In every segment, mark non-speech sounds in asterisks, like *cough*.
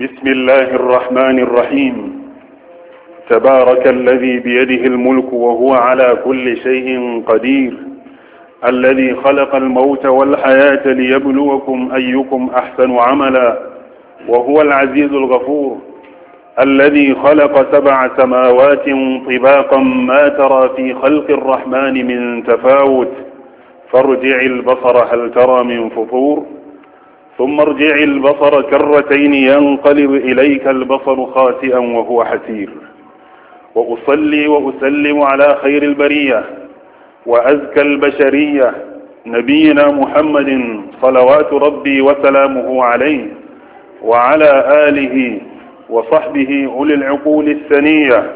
بسم الله الرحمن الرحيم تبارك الذي بيده الملك وهو على كل شيء قدير الذي خلق الموت والحياة ليبلوكم أيكم أحسن عملا وهو العزيز الغفور الذي خلق سبع سماوات طباقا ما ترى في خلق الرحمن من تفاوت فارجع البصر هل ترى من فطور؟ ثم ارجع البصر كرتين ينقلب إليك البصر خاسئا وهو حسير وأصلي وأسلم على خير البرية وأزكى البشرية نبينا محمد صلوات ربي وسلامه عليه وعلى آله وصحبه أولي العقول السنية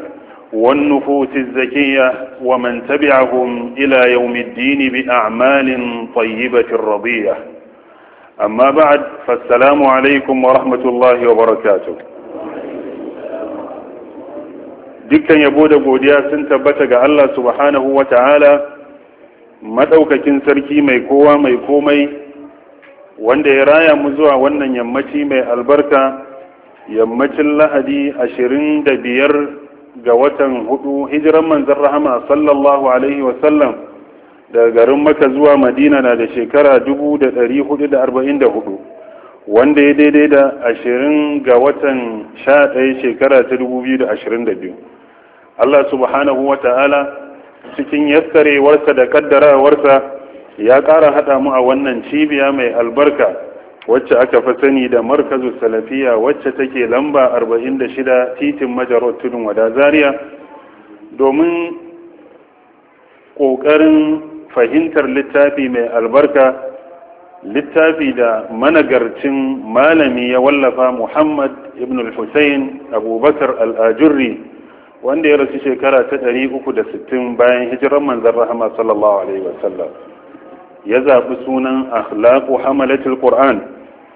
والنفوس الزكية ومن تبعهم إلى يوم الدين بأعمال طيبة رضيه أما بعد فالسلام عليكم ورحمة الله وبركاته dukkan yabo da godiya sun tabbata ga Allah subhanahu wa ta'ala maɗaukakin sarki mai kowa mai komai wanda ya raya mu zuwa wannan yammaci mai albarka yammacin lahadi ashirin da biyar ga watan hudu hijiran manzan rahama sallallahu alaihi wasallam daga garin maka zuwa madina na da shekara 444 wanda ya daidai da 20 ga watan 11 shekara ta 2022 Allah subhanahu wa ta'ala cikin yassarewarsa da kaddarawarsa ya ƙara haɗa mu a wannan cibiya mai albarka wacce aka fi sani da markazu salafiya wacce take lamba 46 titin majarar tudun wada zaria domin ƙoƙarin fahimtar littafi mai albarka littafi da managarcin malami ya wallafa muhammad ibn hussein abubakar al'ajurri wanda ya rasu shekara ta 360 bayan hijirar manzan rahama sallallahu alaihi wasallam ya zaɓi sunan akhlaqu hamalatul qur'an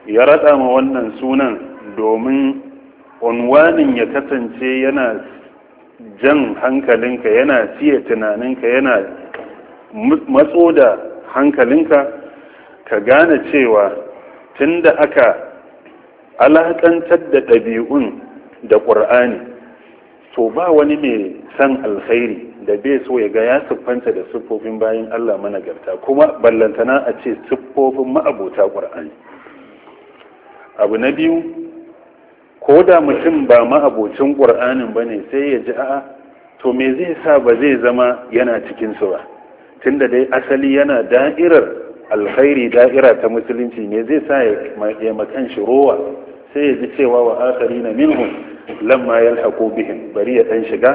ya raɗa ma wannan sunan domin unwanin ya kasance yana jan hankalinka yana siya tunaninka yana matso da hankalinka ka gane cewa tunda aka alaƙantar da ɗabi'un da ƙur'ani to ba wani mai san alkhairi da bai so ya ga ya siffanta da siffofin bayan Allah garta kuma ballantana a ce siffofin ma'abota ƙur'ani abu na biyu ko da mutum ba ma'abocin ƙur'anin ba ne sai ya ji a'a to me zai sa ba zai zama yana cikinsu ba tunda dai asali yana da'irar alkhairi da'ira ta musulunci ne zai sa ya makan shi rowa sai ya ji cewa wa akari na minhum lamma yalhaqu bihim bari ya ɗan shiga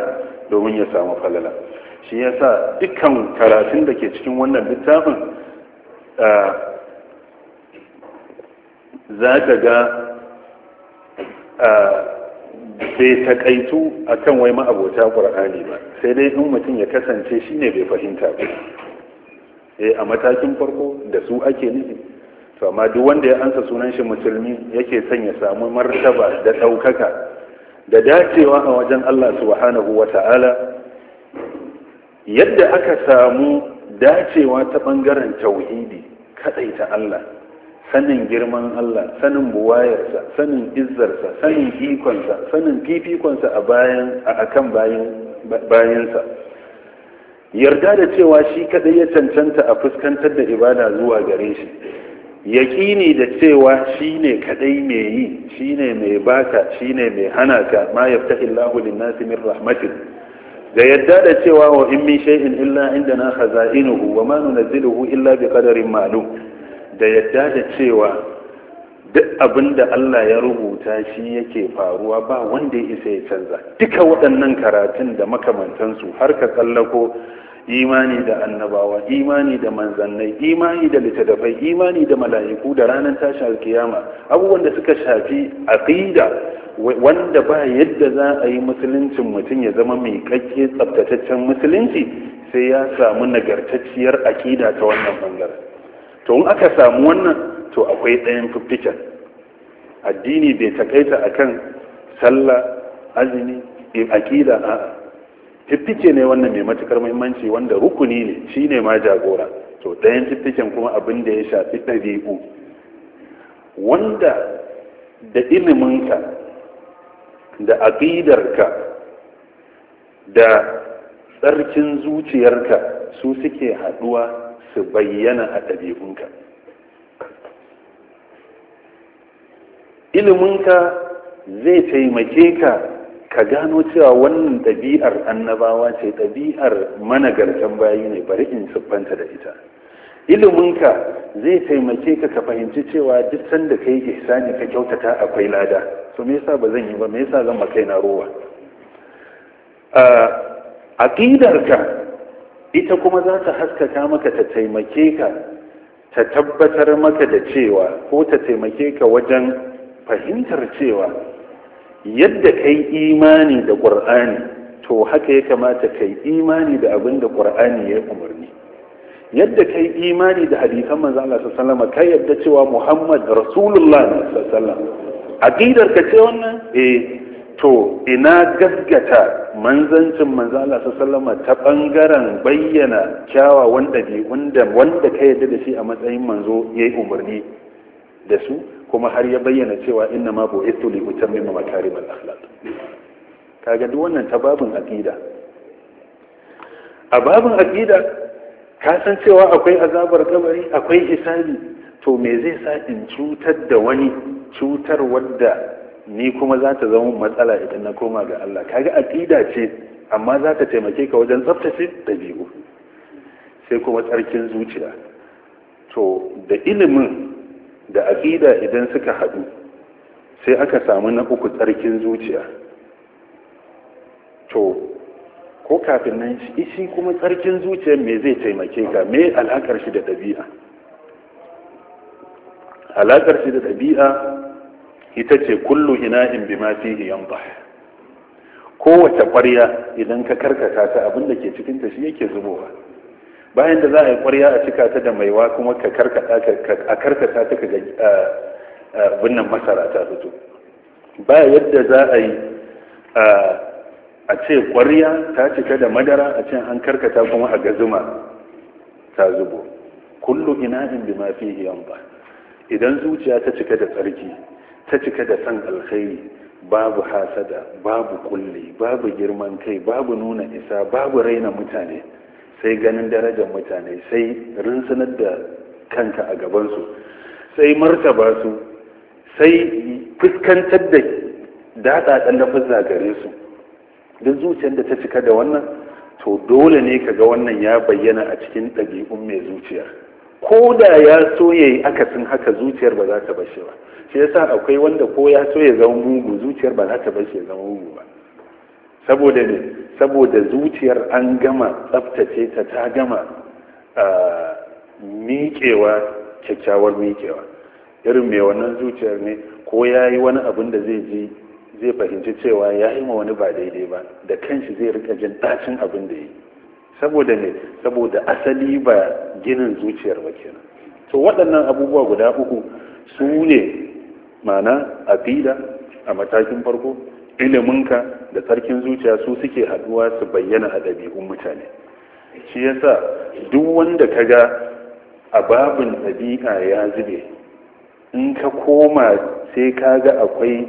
domin ya samu falala shi yasa dukkan karatun da ke cikin wannan littafin za ka ga bai takaitu a kan wai ma'abota ƙur'ani ba sai dai in mutum ya kasance shi ne bai fahimta ba eh a matakin farko da su ake nufi to amma duk wanda ya ansa sunan shi musulmi yake son ya samu martaba da ɗaukaka da dacewa a wajen Allah subhanahu wa ta'ala yadda aka samu dacewa ta ɓangaren tauhidi kaɗai ta Allah sanin girman Allah sanin buwayarsa sanin izzarsa sanin ikonsa sanin fifikonsa a bayan a kan bayansa yarda da cewa shi kadai ya cancanta a fuskantar da ibada zuwa gare shi yaƙini da cewa shi ne kadai mai yi shi ne mai baka shi ne mai hana ka ma yaftahi Allahu lin min rahmatin da yadda da cewa wa in min shay'in illa indana khaza'inuhu wa ma nunzilu illa bi qadarin ma'lum da yadda da cewa duk abin da Allah ya rubuta shi yake faruwa ba wanda ya isa ya canza duka waɗannan karatun da makamantansu har ka tsallako imani da annabawa imani da manzannai imani da littattafai imani da mala'iku da ranar tashin alkiyama abubuwan da suka shafi aqida wanda ba yadda za a yi musuluncin mutum ya zama mai kakke tsabtataccen musulunci sai ya samu nagartacciyar aqida ta wannan bangaren to in aka samu wannan to akwai ɗayan fiffiken addini bai takaita akan sallah azumi eh, aƙila. a fiffike ne wannan mai matukar muhimmanci wanda rukuni ne shi ne ma jagora to ɗayan fiffiken kuma abin da ya shafi ɗabi'u wanda da iliminka da aƙidarka da tsarkin zuciyarka su suke haɗuwa su bayyana a ɗabi'unka iliminka zai taimake ka ka gano cewa wannan ɗabi'ar annabawa ce ɗabi'ar managartan bayi ne bari in siffanta da ita iliminka zai taimake ka ka fahimci cewa duk sanda ka yi ihsani ka kyautata akwai lada su me yasa ba zan yi ba me yasa zan makaina ruwa aqidarka ita kuma za ta haskaka maka ta taimake ka ta tabbatar maka da cewa ko ta taimake ka wajen fahimtar cewa yadda ka yi imani da ƙur'ani to haka ya kamata ka yi imani da abin da ƙur'ani ya umarni yadda ka yi imani da hadisan manzo Allah sallallahu ka yadda cewa Muhammad Rasulullah sallallahu a ka ce wannan eh to ina gaggata manzancin manzo Allah sallama ta bangaren bayyana kyawawan wanda bi wanda ka yadda da shi a matsayin manzo yayi umarni da su kuma har ya bayyana cewa inna ma bu'ithu li utammima makarim al-akhlaq kaga duk wannan ta babin aqida a babin aqida ka san cewa akwai azabar kabari akwai hisabi to me zai sa in cutar da wani cutar wadda ni kuma za ta zama matsala idan na koma ga Allah kaga aqida ce amma za ta taimake ka wajen tsaftace dabi'u sai kuma tsarkin zuciya to da ilimin da aqida idan suka haɗu sai aka samu na uku tsarkin zuciya to ko kafin nan shi kuma tsarkin zuciya me zai taimake ka me alakar shi da ɗabi'a alakar shi da ɗabi'a ita ce kullu ina'in ma fihi yanḍah kowace ƙwarya idan ka karkata ta abin da ke cikin ta shi yake zubowa bayan da za a yi ƙwarya a cika ta da maiwa kuma ka karkata a karkata ta ga binnan masara ta fito ba yadda za a yi a ce ƙwarya ta cika da madara a ce an karkata kuma a gazuma ta zubo kullu ina'in ma fihi yanḍah idan zuciya ta cika da tsarki ta cika da san alkhairi babu hasada babu kulli babu girman kai babu nuna isa babu raina mutane sai ganin darajar mutane sai rinsunar da kanka a gabansu sai martaba su sai fuskantar da daɗaɗen lafazza gare su duk zuciyar da ta cika da wannan to dole ne ka ga wannan ya bayyana a cikin ɗabi'un mai zuciya ko da ya so ya yi akasin haka zuciyar ba za ta bashe ba shi ya sa akwai wanda ko ya so ya zama mugu zuciyar ba za ta bashe ya zama mugu ba saboda ne saboda zuciyar an gama tsaftace ta ta gama miƙewa kyakkyawar miƙewa irin mai wannan zuciyar ne ko ya yi wani abin da zai ji zai fahimci cewa ya yi ma wani ba daidai ba da kanshi zai rika jin ɗacin abin da ya yi saboda ne saboda asali ba ginin zuciyar ba kenan to waɗannan abubuwa guda uku su ne mana abida a matakin farko iliminka da sarkin zuciya su suke haduwa su bayyana a ɗabi'un mutane shi yasa duk wanda ka ga a babin ɗabi'a ya zube in ka koma sai ka ga akwai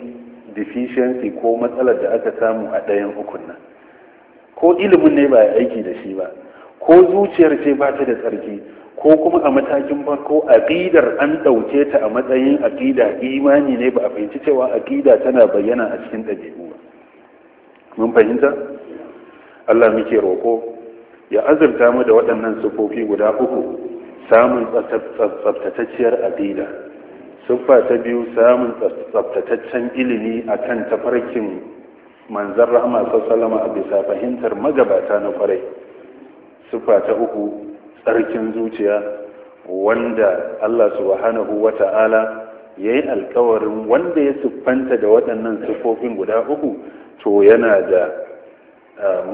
deficiency ko matsalar da aka samu a ɗayan ukun nan ko ilimin ne ba aiki da shi ba ko zuciyar ce ba ta da tsarki ko kuma a matakin farko aqidar an ɗauke ta a matsayin aqida imani ne ba a fahimci cewa aqida tana bayyana a cikin ɗabi'u ba mun fahimta Allah muke roƙo ya azurta mu da waɗannan sufofi guda uku samun tsaftatacciyar aqida siffa ta biyu samun tsaftataccen ilimi akan tafarkin manzan rahama salama a bisa fahimtar magabata na kwarai sufa ta uku tsarkin zuciya wanda Allah subhanahu wa ta'ala ya yi alkawarin wanda ya siffanta da waɗannan siffofin guda uku to yana da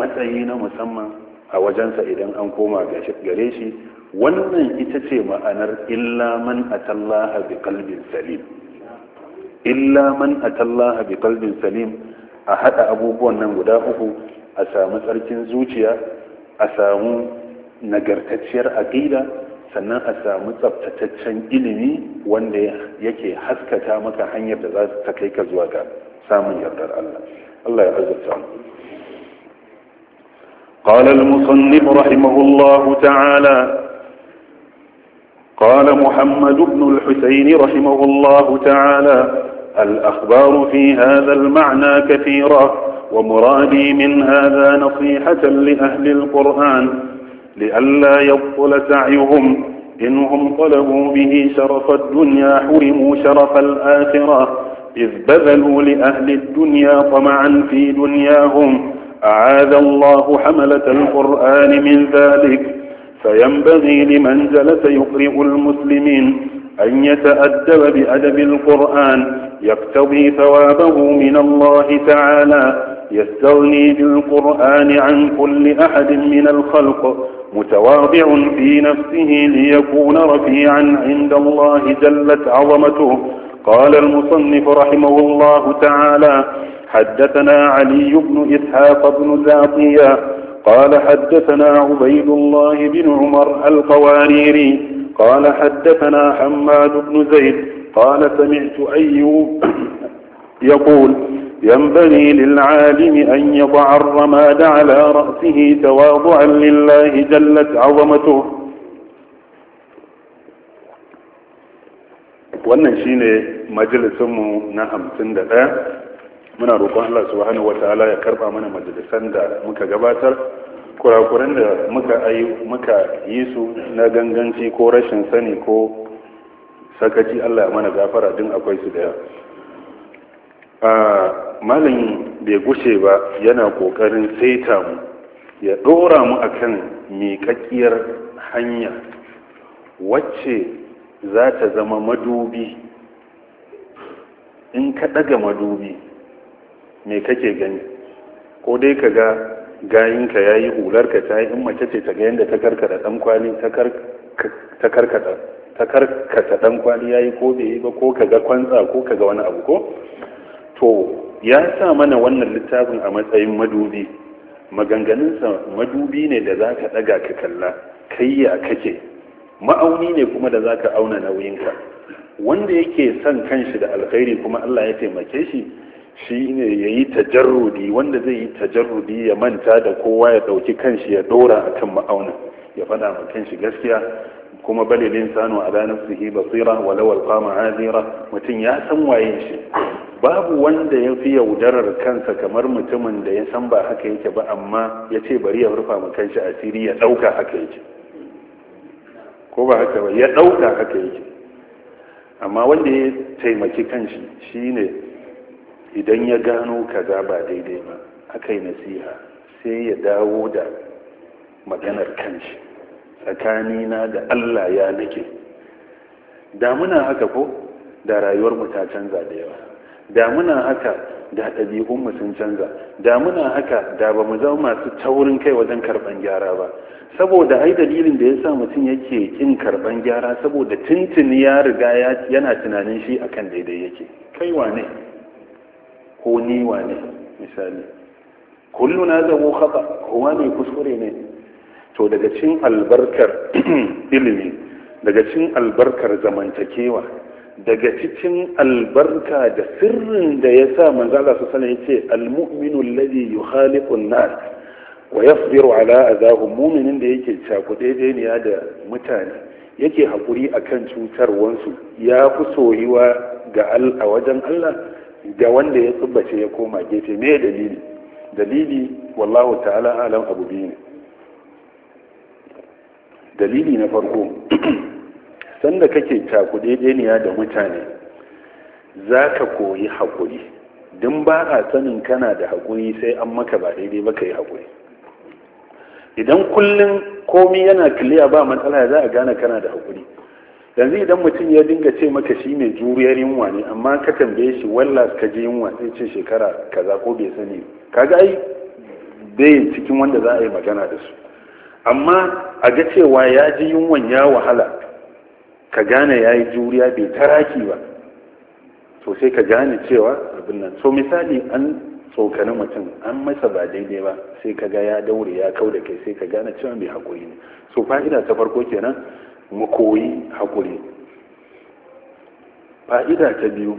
matsayi na musamman a wajensa idan an koma gare shi wannan ita ce ma'anar illa man tallaha bi kalbin salim illa man tallaha bi kalbin salim a hada abubuwan nan guda uku a samu tsarkin zuciya a samu nagartacciyar aqida sannan a samu tsabtataccen ilimi wanda yake haskata maka hanyar da za ta kai ka zuwa ga samun yardar Allah Allah ya azurta mu قال المصنف رحمه الله تعالى قال محمد بن الحسين رحمه الله تعالى الأخبار في هذا المعنى كثيرة ومرادي من هذا نصيحة لأهل القرآن لئلا يبطل سعيهم إنهم طلبوا به شرف الدنيا حرموا شرف الآخرة إذ بذلوا لأهل الدنيا طمعا في دنياهم أعاذ الله حملة القرآن من ذلك فينبغي لمن جلس يقرئ المسلمين أن يتأدب بأدب القرآن يقتضي ثوابه من الله تعالى يستغني بالقرآن عن كل أحد من الخلق متواضع في نفسه ليكون رفيعا عند الله جلت عظمته قال المصنف رحمه الله تعالى حدثنا علي بن إسحاق بن زاطيا قال حدثنا عبيد الله بن عمر القواريري قال حدثنا حماد بن زيد قال سمعت أيوب يقول ينبغي للعالم أن يضع الرماد على رأسه تواضعا لله جلت عظمته wannan shine majalisinmu na hamsin da ɗaya muna roƙon Allah subhanahu wa ta'ala ya karɓa mana majalisan da muka gabatar kurakuran da muka yi su na ganganci ko rashin sani ko sakaci allah mana gafara din akwai su daya a malin bai gushe ba yana kokarin saita mu ya dora mu akan miƙaƙƙiyar hanya wacce za ta zama madubi in ka ɗaga madubi me kake gani ko dai ka ga gayinka ya yi hularka ta yi in mace ce ta ga yadda ta karkata ɗan kwali ta karkata ta karkata ɗan kwali ya yi ko bai yi ba ko ka ga kwantsa ko ka ga wani abu ko to ya sa mana wannan littafin a matsayin madubi maganganunsa madubi ne da za ka ɗaga ka kalla kai ya kake ma'auni ne kuma da za ka auna nauyinka wanda yake son kanshi da alkhairi kuma allah ya taimake shi shi ne ya yi tajarrudi wanda zai yi tajarrudi ya manta da kowa ya ɗauki kanshi ya dora a kan ma'aunin ya fada ma kanshi gaskiya kuma din sanu su nafsihi basira walau alqama azira mutum ya san waye shi babu wanda ya fi yaudarar kansa kamar mutumin da ya san ba haka yake ba amma ya ce bari ya rufa ma kanshi asiri ya ɗauka haka yake ko ba haka ba ya ɗauka haka yake amma wanda ya taimaki kanshi shi ne. idan ya gano kaza ba daidai ba aka yi nasiha sai ya dawo da maganar kanshi na da allah ya nake damuna haka ko da rayuwarmu ta canza da yawa damuna haka da ɗabi'unmu sun canza damuna haka da ba mu zama masu taurin kai wajen karɓar gyara ba saboda ai dalilin da ya sa mutum yake ƙin karɓar gyara saboda tuntuni ya riga yana tunanin shi akan daidai yake kai wane ne ko ni wane misali na zabo khata kowa mai kuskure ne to daga cin albarkar *clears throat* ilimi daga cin albarkar zamantakewa daga cikin albarka da sirrin da ya sa manzala su sanar ya ce almu'minu alladhi yukhaliqu an-nas wa yasbiru ala mu'minin da yake cakuɗe daidaiya da mutane yake hakuri akan cutarwansu ya fi soyuwa ga a wajen Allah ga wanda ya tsubbace ya koma gefe me dalili dalili wallahu ta'ala alam abu biyu ne dalili na farko *clears throat* sanda kake ya da mutane za ka koyi haƙuri don ba a sanin kana da haƙuri sai an maka ba daidai ba ka yi haƙuri idan kullum komi yana kiliya ba matsala za a gane kana da haƙuri yanzu idan mutum ya dinga ce maka shi mai juriyar yunwa ne amma ka tambaye shi walla ka je yunwa sai ce shekara kaza ko bai sani kaga ai bai cikin wanda za a yi magana da su amma a ga cewa ya ji yunwan ya wahala ka gane ya yi juriya bai taraki ba to sai ka gane cewa abin nan so misali an tsokani mutum an masa ba daidai ba sai ka ga ya daure ya kau da kai sai ka gane cewa mai haƙuri ne so fa'ida ta farko kenan mu koyi haƙuri fa'ida ta biyu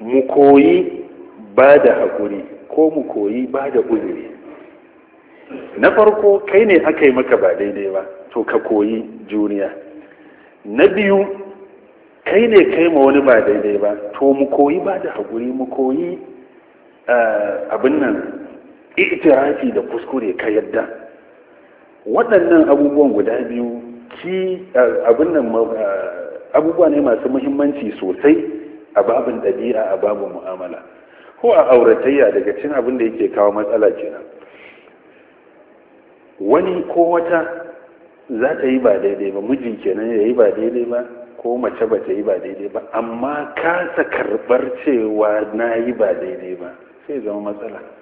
mu koyi ba da haƙuri ko mu koyi ba da uzuri na farko kai ne aka yi maka ba daidai ba to ka koyi juriya na biyu kai ne kai ma wani ba daidai ba to mu koyi ba da haƙuri mu koyi eh, abin nan itirafi da kuskure ka yadda waɗannan abubuwan guda biyu ki eh, abin eh, abubuwa ne masu muhimmanci sosai a babin ɗabi'a a babin mu'amala ko a auratayya daga cin abin da yake kawo matsala kenan wani ko wata za ta yi ba daidai ba mijin kenan ya yi ba daidai ba ko mace ba ta yi ba daidai ba amma kasa karɓar cewa na yi ba daidai ba sai zama matsala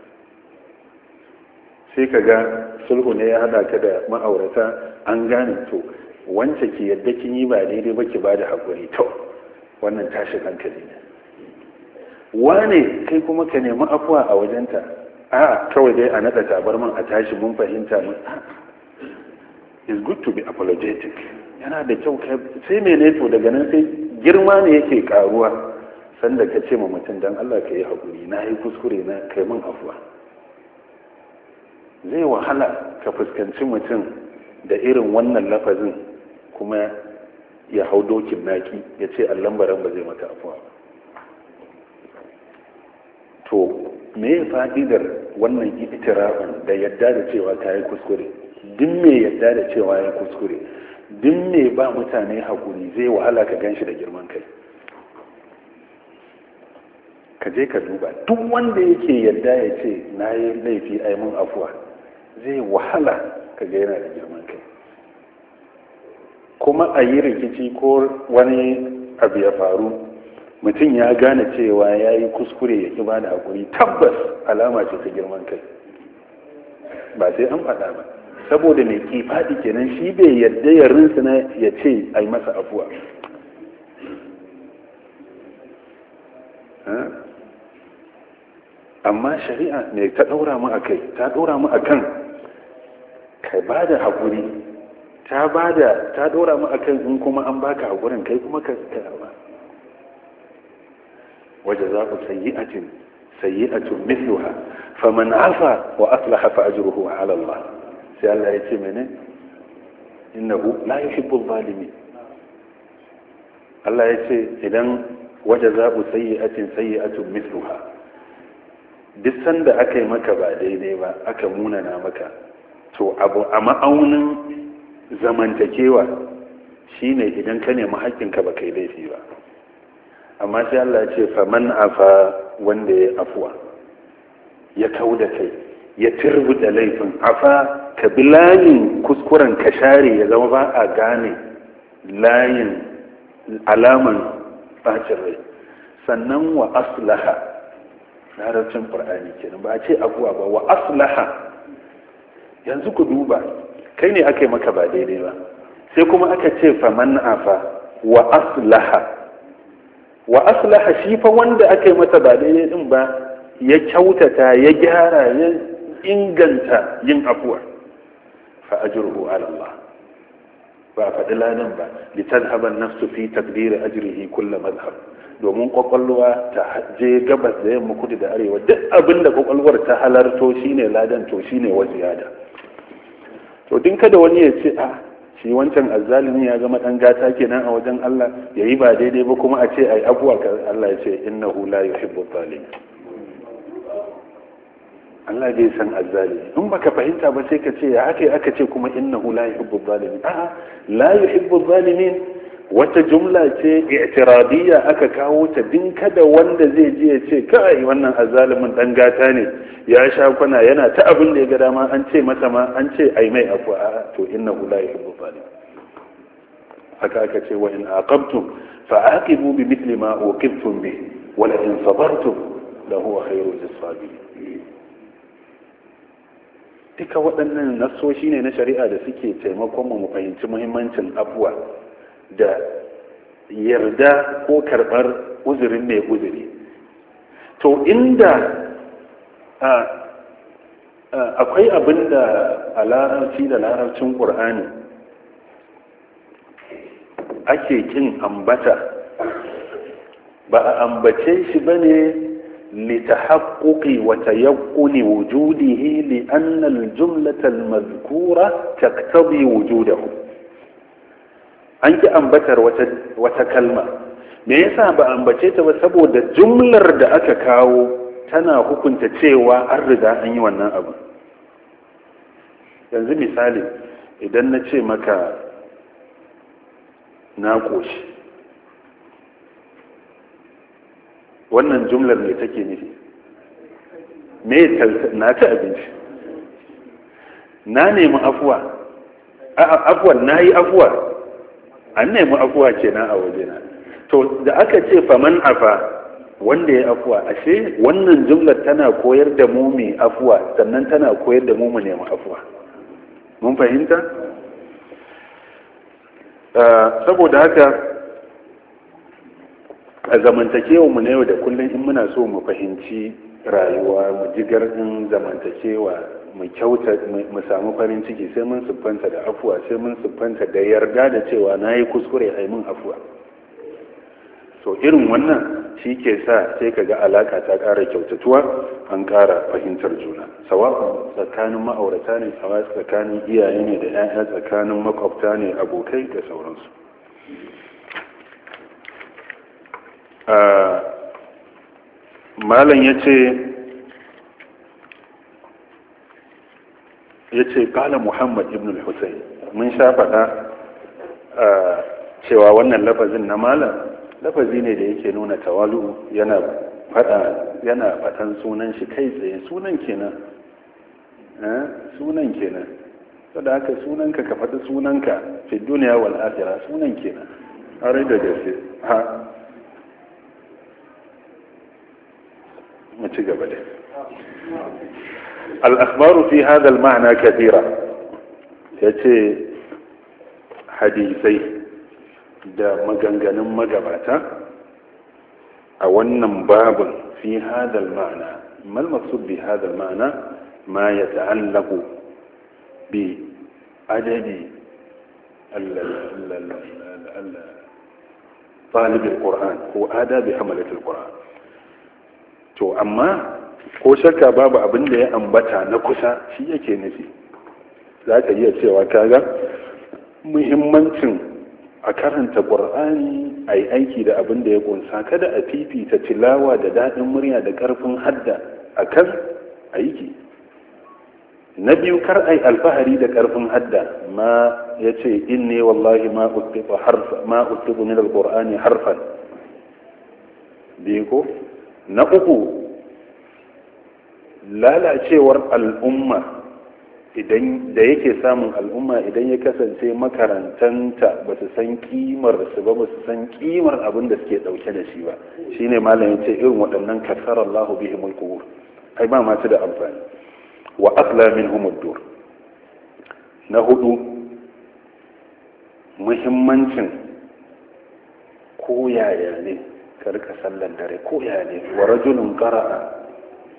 sai ka ga sulhu ne ya hada ka da ma'aurata an gane to wance ki yadda kin yi ba daidai ba ki bada hakuri to wannan tashin hankali ne wane kai kuma ka nemi afuwa a wajenta a kawai dai a nada tabarman a tashi mun fahimta mun ah, is good to be apologetic yana da kyau sai mene to daga nan sai girma ne yake karuwa sanda ka ce ma mutum dan Allah ka yi hakuri na yi kuskure na kai mun afuwa zai wahala ka fuskanci mutum da irin wannan lafazin kuma ya hau dokin naki ya ce baran ba zai mata afuwa to me ya fa'idar wannan itirafin da yadda da cewa ta yi kuskure duk me yadda da cewa ya kuskure duk me ba mutane hakuri zai wahala ka gan shi da girman kai ka je ka duba duk wanda yake yadda ya ce na yi laifi a mun afuwa zai wahala ka ga yana da girman kai kuma a yi rikici ko wani abu ya faru mutum ya gane cewa ya yi kuskure ya ƙi da haƙuri tabbas alama ce ta girman kai ba sai an faɗa ba saboda mai ƙi kenan shi bai yadda ya rinsuna ya ce a yi masa afuwa amma shari'a ne ta ɗaura mu a kai ta ɗaura mu a kan ka ba da haƙuri ta ba da ta ɗora mu kan in kuma an baka haƙurin kai kuma ka karɓa waje za ku sayi a sayyi'atin sayyi'atun mithluha faman afa wa aslaha a ajruhu ala Allah sai Allah ya ce mene innahu la yuhibbu zalimin Allah ya ce idan waje za ku sayi a sayyi'atin sayyi'atun mithluha duk sanda aka yi maka ba daidai ba aka munana maka to abu a ma'aunin zamantakewa shine idan ka nemi haƙƙinka ba kai laifi ba amma sai Allah ce faman afa wanda ya afuwa ya kau da kai ya da laifin afa ka bi layin kuskuren ka share ya zama ba a gane layin alaman bacin rai sannan wa aslaha larabcin qur'ani kenan ba a ce afuwa ba wa aslaha yanzu ku duba kai ne aka yi maka ba daidai ba sai kuma aka ce faman afa wa aslaha wa aslaha shi fa wanda aka yi masa ba daidai din ba ya kyautata ya gyara ya inganta yin afuwa fa ajruhu ala Allah ba a faɗi ladan ba li tadhhaban nafsu fi taqdiri ajrihi kullu madhhab domin kwakwalwa ta je gabas da yamma kudu da arewa duk abin da kwakwalwar ta halarto shine ladan to shine waziyada to din kada wani ya ce a shi wancan azzalimi ya zama dan gata kenan a wajen Allah yayi ba daidai ba kuma a ce ai abuwa ka Allah ya ce innahu la yuhibbu zalim Allah bai san azzalimi in baka fahimta ba sai ka ce ya haka aka ce kuma innahu la yuhibbu zalimin a'a la yuhibbu zalimin wata jumla ce i'tiradiyya aka kawo ta din kada wanda zai je ya ce kai wannan azalimin dan gata ne ya sha kwana yana ta abin da ya ga dama an ce masa ma an ce ai mai afwa a to innahu la yuhibbu zalim haka aka ce wa in aqabtum fa aqibu bi mithli ma uqibtum bi wa la in sabartum la huwa khairu lis-sabirin duka waɗannan nasoshi ne na shari'a da suke taimakon mu mu fahimci muhimmancin abuwa da yarda ko karɓar uzurin mai uzuri to inda akwai abin da a larabci da larabcin ƙur'ani ake kin ambata ba a ambace shi ba ne litahaqquqi wa tayaqquni wujudihi li anna al-jumlata al-madhkura taqtadi wujudahu an ki ambatar wata kalma me yasa ba ambace ta ba saboda jumlar da aka kawo tana hukunta cewa an riga an yi wannan abu yanzu misali idan na ce maka na ƙoshi wannan jumlar ne take nufi me na ta abinci na nemi afuwa afuwan na yi afuwa an nemi afuwa kenan a waje na. to da aka ce faman afa wanda ya afuwa ashe wannan jumlar tana koyar da mu mai afuwa sannan tana koyar da mu mu nemi afuwa mun fahimta ah, saboda haka a zamantakewa mu na yau da kullum in muna so mu fahimci rayuwa mu ji garɗin zamantakewa mu kyauta mu samu farin ciki sai mun siffanta da afuwa sai mun siffanta da yarda da cewa na yi kuskure a mun afuwa to irin wannan shi ke sa sai ka ga alaka ta ƙara kyautatuwa an ƙara fahimtar juna sawa'un tsakanin ma'aurata ne sawa tsakanin iyaye ne da 'ya'ya tsakanin makwabta ne abokai da sauransu ah, malam ya ce ya ce kala muhammad ibn al-husayn mun sha faɗa cewa wannan lafazin na malam lafazi ne da yake nuna tawalu yana yana faɗan sunan shi kai tsaye sunan kenan sunan kenan saboda haka sunanka ka faɗi sunanka fi duniya wal akhirah sunan kenan har da gaske ha نتيجة بلي الأخبار في هذا المعنى كثيرة يأتي حديثي دا مغنغن مغباتا أولنا باب في هذا المعنى ما المقصود بهذا المعنى ما يتعلق بأدب طالب القرآن هو أدب حملة القرآن to amma ko shakka babu abin da ya ambata na kusa shi yake nufi za ka iya cewa kaga muhimmancin a karanta ƙwar'ani a yi aiki da abin da ya ƙunsa kada a fifita tilawa da daɗin murya da ƙarfin hadda a kan aiki na biyu kar a alfahari da ƙarfin hadda ma ya ce in ne wallahi ma uttibu min alƙur'ani harfan biyu ko na uku lalacewar al'umma idan da yake samun al'umma idan ya kasance makarantanta ba su san kimar su ba ba su san kimar abin da suke dauke da shi ba shine malam yace irin waɗannan kasar Allahu bihim ai ba masu da amfani wa asla minhum ad-dur na hudu muhimmancin koyaya ne ka rika sallan dare ko ya ne wa rajulun qara'a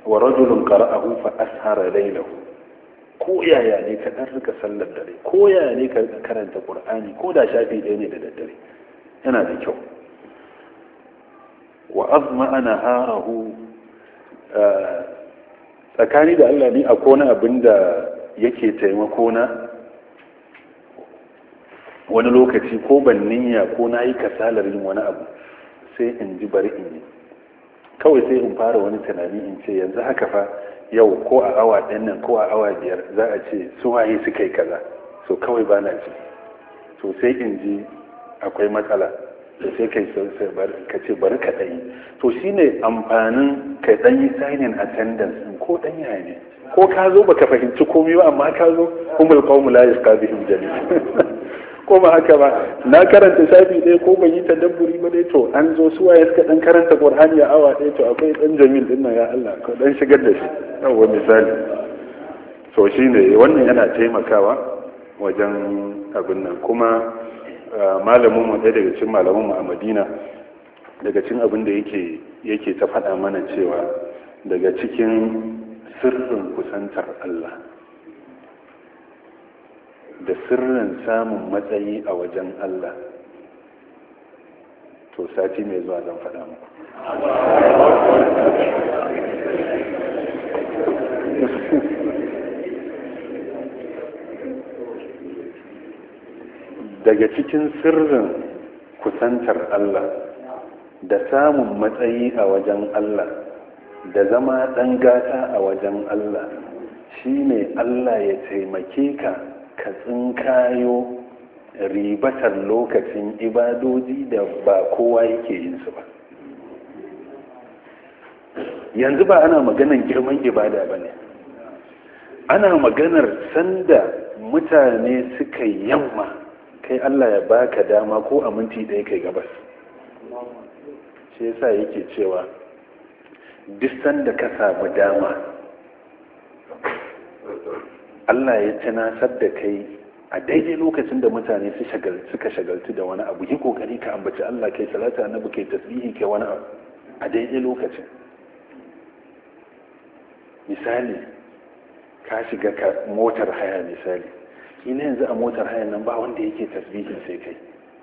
wa rajulun qara'ahu fa ashara laylahu ko yaya ne ka dan rika sallar dare ko yaya ne ka rika karanta qur'ani ko da shafi ɗaya ne da daddare yana da kyau wa azma harahu eh, tsakani da Allah ne akwai wani abin da yake taimako na wani lokaci ko ban niyya ko na yi kasalar yin wani abu sai in ji bari in yi kawai sai in fara wani tunani in ce yanzu haka fa yau ko a awa ɗannan ko a awa biyar za a ce su waye su kai kaza so kawai ba na ji so sai in ji akwai matsala da sai kai ka ce bari ka ɗanyi to shine amfanin ka ɗanyi signing attendance in ko ɗan ne ko ka zo baka fahimci komi ba amma ka zo humul kawo la yasqa bihim jami'a *laughs* ko ba haka ba na karanta shafi ɗaya ko ban yi tadabburi ba dai to an zo suwa waye suka dan karanta qur'ani a awa ɗaya to akwai dan jamil din nan ya Allah ko dan shigar da shi yawa misali to shine wannan yana taimakawa wajen abin nan kuma ah, malamin mu ɗaya daga cikin malamin mu a Madina daga cikin abin da yake yake ta faɗa mana cewa daga cikin sirrin kusantar Allah da sirrin samun matsayi a wajen Allah to sati mai zuwa zan faɗa muku daga cikin sirrin kusantar Allah da samun matsayi a wajen Allah da zama ɗan gata a wajen Allah shi ne Allah ya taimake ka ka tsinkayo ribatar lokacin ibadoji da ba kowa yake yin su ba yanzu ba ana maganar girman ibada ba ne ana maganar sanda mutane suka yamma kai allah ya baka dama ko a minti ɗaya kai gabas shi yasa yake cewa duk sanda ka samu dama Allah ya tunasar da kai a daidai lokacin da mutane suka shagaltu da wani abu yi kokari ka ambaci Allah kai salata na kai tasbihi kai wani abu a daidai lokacin misali ka shiga motar haya misali ina yanzu a motar haya nan ba wanda yake tasbihin sai kai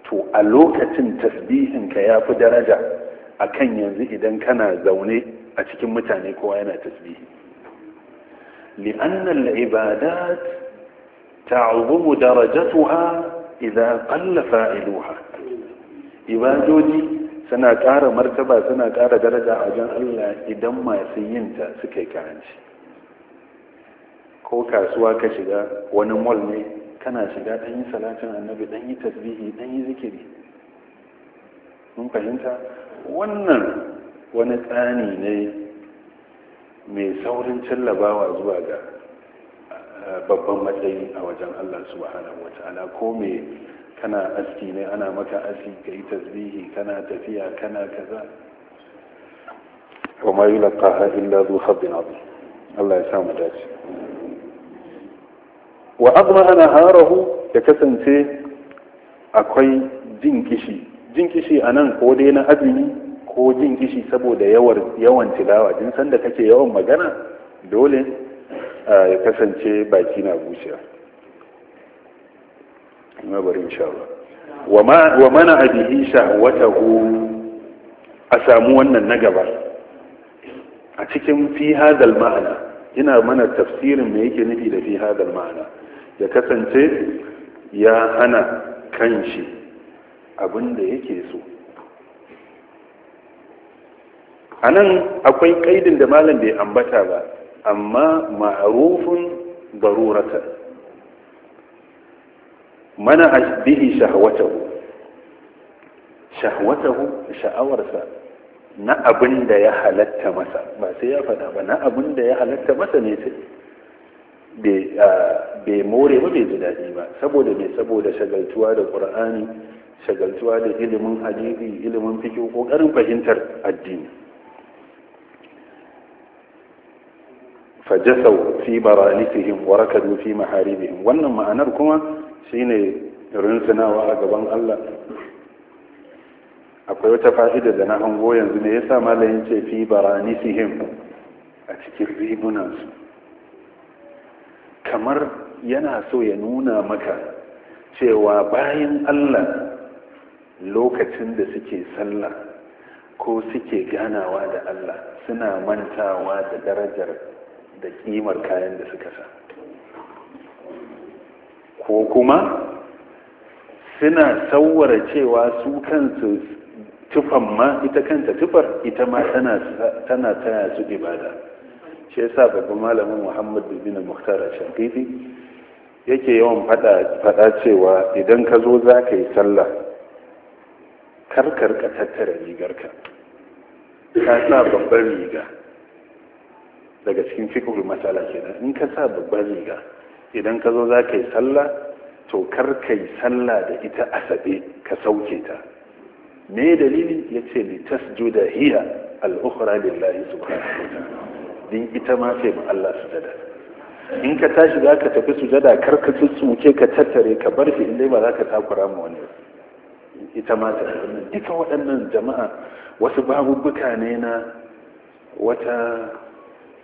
to a lokacin tasbihin ka ya fi daraja a kan yanzu idan kana zaune a cikin mutane kowa yana tasbihi لأن العبادات تعظم درجتها إذا قل فاعلوها ibadoji suna ƙara martaba suna ƙara daraja a wajen Allah idan masu yinta suka yi karanci ko kasuwa ka shiga wani mall ne kana shiga ɗan yi salatin annabi ɗan yi tasbihi ɗan yi zikiri mun fahimta wannan wani tsani ne mai saurin cillabawa zuwa ga babban matsayi a wajen Allah subhanahu wata'ala ko me kana aski ne ana maka aski ka yi tasbihi kana tafiya kana kaza wa ma yulqaha illa zu khabbin azim Allah ya sa mu dace wa ana harahu ya kasance akwai jin kishi jin kishi anan ko dai na azumi ko jin kishi saboda yawan tilawa din sanda kake yawan magana dole ya kasance baki na bushewa ina bari insha Allah wa mana abihi shahwatahu a samu wannan na gaba a cikin fi hadal ma'ana ina mana tafsirin me yake nufi da fi hadal ma'ana ya kasance ya hana kanshi abin da yake so a nan akwai kaidin da malam bai ambata ba amma ma'arufin barurata mana a bihi shahwatahu shahwatahu sha'awarsa na abin da ya halatta masa ba sai ya faɗa ba na abin da ya halatta masa ne sai bai more ba bai ji daɗi ba saboda mai saboda shagaltuwa da ƙur'ani shagaltuwa da ilimin hadisi ilimin ko ƙoƙarin fahimtar addini fajasau fi baranikihim wa rakadu fi maharibihim wannan ma'anar kuma shine rinsunawa a gaban Allah akwai wata fa'ida da na hango yanzu ne yasa malayin ce fi baranisihim a cikin su kamar yana so ya nuna maka cewa bayan Allah lokacin da suke sallah ko suke ganawa da Allah suna mantawa da darajar da kimar kayan da suka sa ko kuma suna tsawara cewa su kansu tufan ma ita kanta tufar ita ma tana taya su ibada shi ya sa babban malamin muhammad bin muhtar shafifi yake yawan fada cewa idan ka zo za ka yi sallah karkar ka tattara rigarka ka sa babban riga daga cikin fiqhul masala kenan in ka sa babban riga idan ka zo za ka yi sallah to kar ka yi sallah da ita asabe ka sauke ta me dalili ya ce li tasjuda hiya al'ukura da lillahi su din ita ma sai ma Allah su dada in ka tashi za ka tafi su sujada kar ka tsuke ka tattare ka bar shi inda ba za ka takura ma wani ita ma ta duka waɗannan jama'a wasu babubuka ne na wata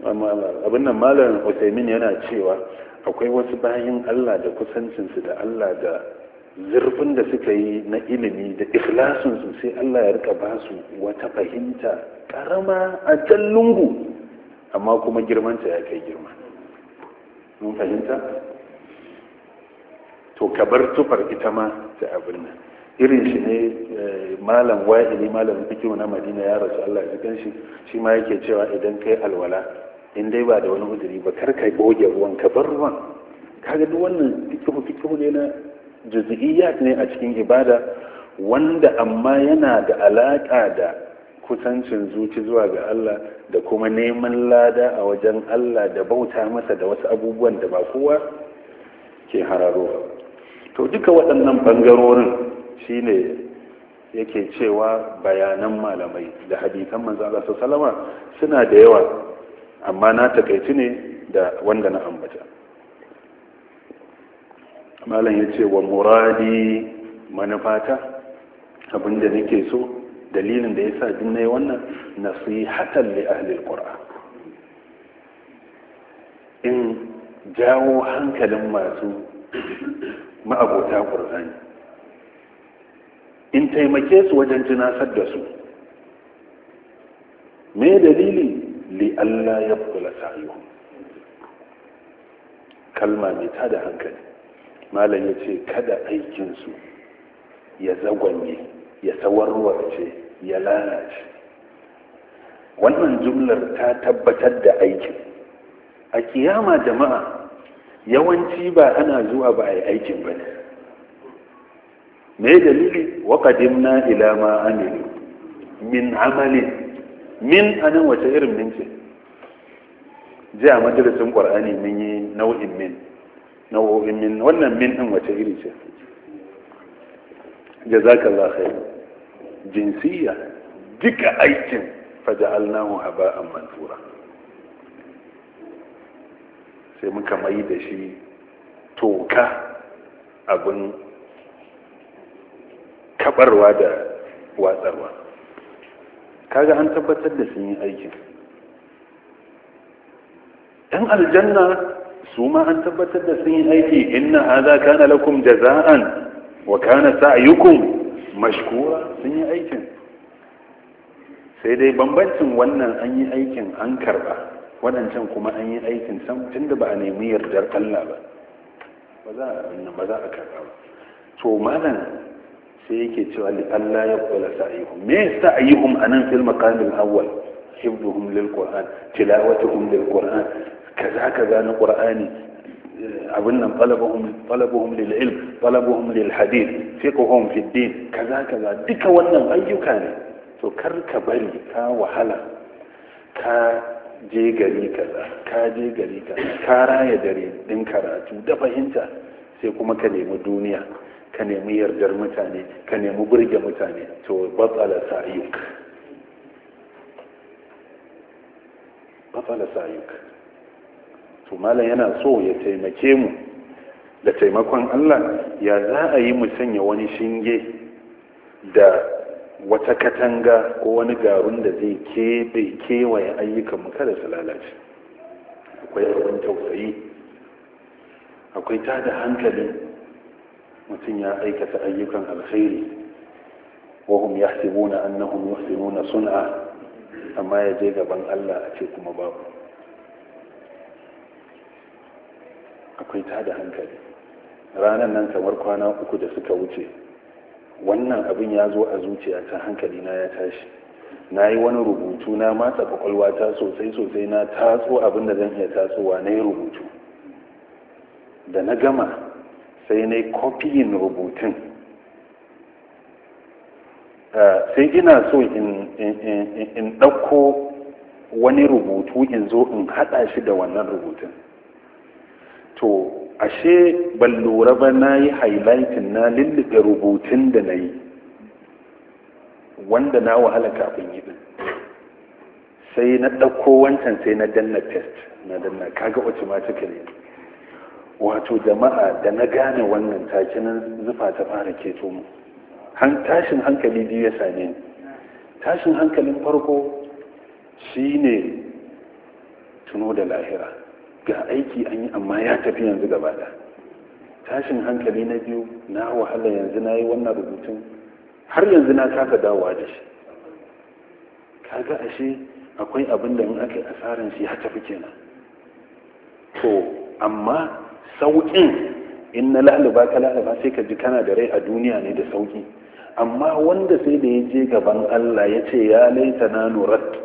abin nan malam usaimin yana cewa akwai wasu bayan allah da kusancinsu da allah da zurfin da suka yi na ilimi da ikhlasinsu sai allah ya rika basu wata fahimta karama a can lungu amma kuma girmanta ya kai girma mun fahimta to kabar tufar ita ma ta abin nan irin shi ne eh, malam wa'ili malam fikihu na madina ya rasu allah ya shi shi ma yake cewa idan kai alwala in dai ba da wani uzuri ba kar ka goge ruwan ka bar ruwan kaga duk wannan fikihu fikihu ne na juz'iyat ne a cikin ibada wanda amma yana da alaka da kusancin zuci zuwa ga Allah da kuma neman lada a wajen Allah da bauta masa da wasu abubuwan da ba kowa ke hararowa to duka waɗannan bangarorin shine yake cewa bayanan malamai da hadisan manzo Allah sallama suna da yawa amma na takaici ne da wanda na ambata malam ya ce wa muradi manufata abinda nake so dalilin da ya sa jin na yi wannan na hatar da ahlil ƙura. in jawo hankalin masu ma'abota ƙur'ani. in taimake su wajen jinasar da su me dalili li'alla ya fula sa'ihu kalma mai da hankali malam ya ce kada aikinsu ya zagwanye ya ce ya lalace wannan jumlar ta tabbatar da aikin a kiyama jama'a yawanci ba ana zuwa ba a yi aikin ba ne me dalili waƙadimna ila ma amilu min amalin min anan wace irin min ce a majalisin qur'ani min yi nau'in min nau'o'in min wannan min ɗin wace iri ce jazakallah khair jinsiya duka aikin a ba'an mantura sai muka mai da shi toka abin kabarwa da watsarwa kaga an tabbatar da sun yi aikin ɗan aljanna su ma an tabbatar da sun yi aiki inna haza kana lakum jaza'an wa kana sa'yukum mashkura sun yi aikin sai dai bambancin wannan an yi aikin an karba waɗancan kuma an yi aikin san tunda ba a nemi yardar Allah ba ba za a ba za a karba ba to malam sai yake cewa li Allah ya kula sa'ihum me yasa sa'ihum anan fil maqamil awwal hibduhum lil qur'an tilawatuhum lil qur'an kaza kaza na qur'ani eh, abin nan talabuhum lil ilm talabuhum lil hadith fiqhum fi din kaza kaza duka wannan ayyuka ne to kar ka bari ka wahala ka je gari kaza ka je gari kaza ka raya dare din karatu da fahimta sai kuma ka nemi duniya ka nemi yardar mutane ka nemi burge mutane to batsala sa'ayuk batsala sa'ayuk to malam yana so ya taimake mu da taimakon Allah ya za a yi mu sanya wani shinge da wata katanga ko wani garun da zai kewaye ayyukanmu kada su lalace akwai abin tausayi akwai tada hankali mutum ya aikata ayyukan alkhairi wahum yahsibuna annahum yuhsinuna sun'a amma ya je gaban Allah a ce kuma babu akwai tada hankali ranar nan kamar kwana uku da suka wuce wannan abin ya zo a zuciya ta hankali na ya tashi na yi wani rubutu na matsa kwakwalwa ta sosai sosai na taso abin da zan iya tasowa na yi rubutu da na gama sai na yi kofiyin rubutun eh, sai ina so in ɗauko wani rubutu in zo in haɗa shi da wannan rubutun to ashe ban lura ba na yi highlighting na lullube rubutun da na yi wanda na wahala kafin yi din sai na ɗauko wancan sai na danna test na danna kaga ne. wato jama'a da na gane wannan take nan zufa ta fara keto mu tashin hankali biyu ya same ni tashin hankalin farko shi ne tuno da lahira ga aiki an yi amma ya tafi yanzu gaba da tashin hankali na biyu na wahala yanzu na yi wannan rubutun har yanzu na kasa dawowa da shi kaga ashe akwai abin da in aka yi asaran shi ya tafi kenan to amma sauƙin in na laluba ka laluba sai ka ji kana da rai a duniya ne da sauƙi amma wanda sai da ya je gaban Allah ya ce ya laita na nurat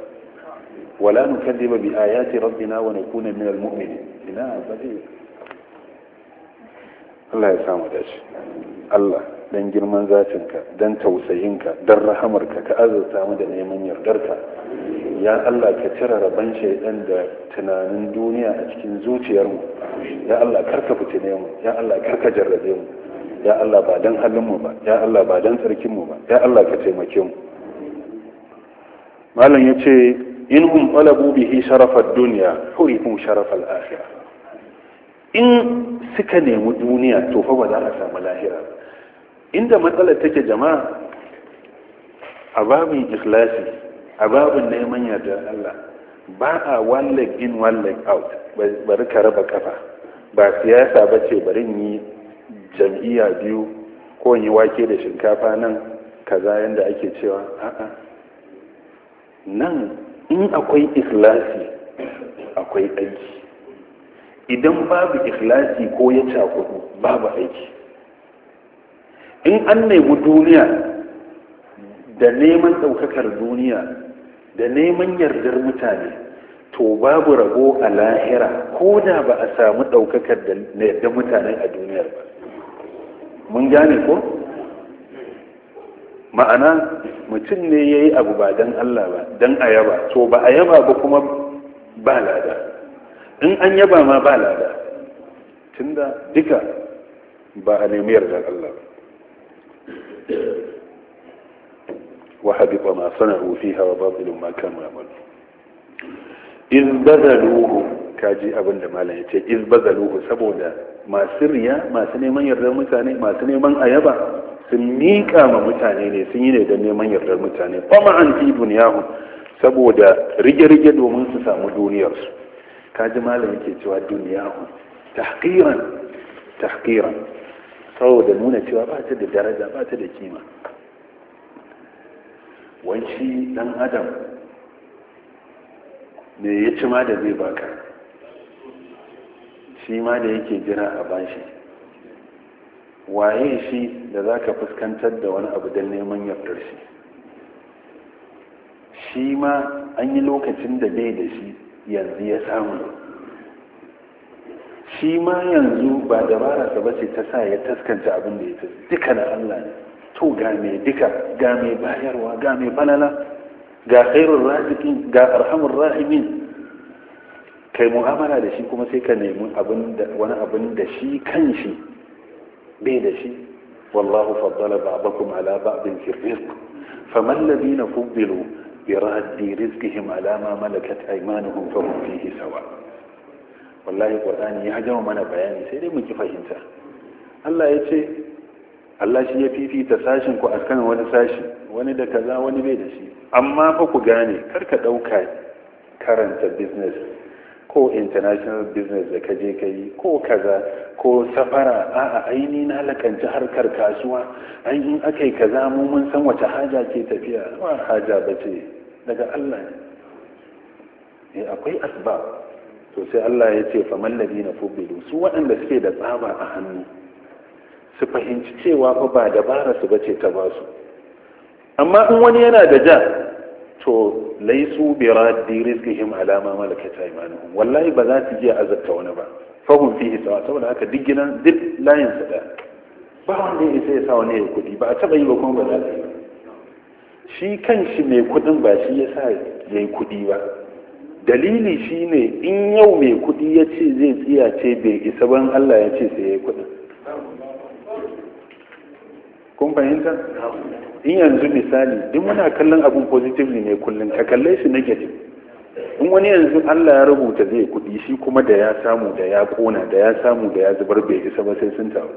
wala nukaddiba bi ayati rabbina wa nakuna min al-mu'minin ina ba zai Allah ya samu dace Allah dan girman zatinka dan tausayinka dan rahamarka ka azurta mu da neman yardarka ya Allah ka cire rabon shaidan da tunanin duniya a cikin zuciyarmu ya Allah kar fice ne mu ya Allah kar ka jarrabe mu ya Allah ba dan halin mu ba ya Allah ba dan sarkin mu ba ya Allah ka taimake mu malam yace in hum talabu bihi sharafa ad-dunya hurikum sharafa al-akhirah in suka nemi duniya to fa ba za a samu lahira inda matsalar take jama'a a babin ikhlasi a babin neman yardar Allah ba a one leg in one leg out bari ka raba kafa ba siyasa ba ce bari yi jam'iyya biyu ko yi wake da shinkafa nan kaza yanda ake cewa a'a nan in akwai ikhlasi akwai aiki idan babu ikhlasi ko ya cakudu babu aiki in an nemi duniya da neman ɗaukakar duniya da neman yardar mutane to babu rabo a lahira ko da ba a samu ɗaukakar da mutane a duniya ba mun gane ko ma'ana mutum ne ya yi abu ba don allah ba don ayaba to ba a yaba ba kuma ba lada in an yaba ma ba lada tunda duka ba a nemi yardar Allah wa Habiba ma sana'u fiha hawa batilun ma kan ya'malu iz bazaluhu kaji abin da malam ce iz bazaluhu saboda masu riya masu neman yardar mutane masu neman ayaba sun miƙa ma mutane ne sun yi ne don neman yardar mutane fama an fi duniyahu saboda rige-rige domin su samu duniyarsu kaji malam yake cewa duniya duniyahu tahqiran tahqiran saboda nuna cewa ba ta da daraja ba ta da kima wanci dan adam me ya ci ma da zai baka shi ma da yake jira a bashi waye shi da za ka fuskantar da wani abu don neman yardar shi shi ma an yi lokacin da bai da shi yanzu ya samu shi ma yanzu ba dabararsa ba ce ta sa ya taskanta abin da ya ta duka na Allah ne to ga mai duka ga mai bayarwa ga mai balala ga khairun razikin ga arhamun rahimin kai mu'amala da shi kuma sai ka nemi wani abin da shi kan shi bai da shi wallahu faddala ba'dakum ala ba'din fi rizq faman ladina fuddilu براد رزقهم على ما ملكت أيمانهم فهم فيه سواء والله القرآن يا جماعة mana bayani sai dai muke fahimta Allah ya ce Allah shi ya fifita sashin ku akan wani sashi wani da kaza wani bai da shi amma fa ku gane kar ka ɗauka karanta business ko international business da kaje ka yi ko kaza ko safara a'a aini na lakanci harkar kasuwa ai in aka yi kaza mu mun san wace haja ke tafiya ba haja ba ce daga Allah ne eh, akwai asbab to sai Allah ya ce faman na fubilu su waɗanda suke da tsaba a hannu su fahimci cewa fa ba dabara su ce ta ba su amma in wani yana da ja to laisu bi raddi rizqihim ala ma malakat aymanuhum wallahi ba za su je azabta wani ba fahum fihi sawa saboda haka duk gidan duk layin su ba wanda ya isa ya sa wani ya kudi ba a taba yi ba kuma ba za su yi shi kan shi mai kudin ba shi ya sa ya yi kudi ba dalili shi ne in yau mai kudi ya ce zai tsiya ce bai isa ban allah ya ce sai ya yi kudin kun fahimta in yanzu misali duk muna kallon abu positively ne kullum ka kalle shi negative in wani yanzu allah ya rubuta zai kudi shi kuma da ya samu da ya kona da ya samu da ya zubar bai isa ba sai sun taru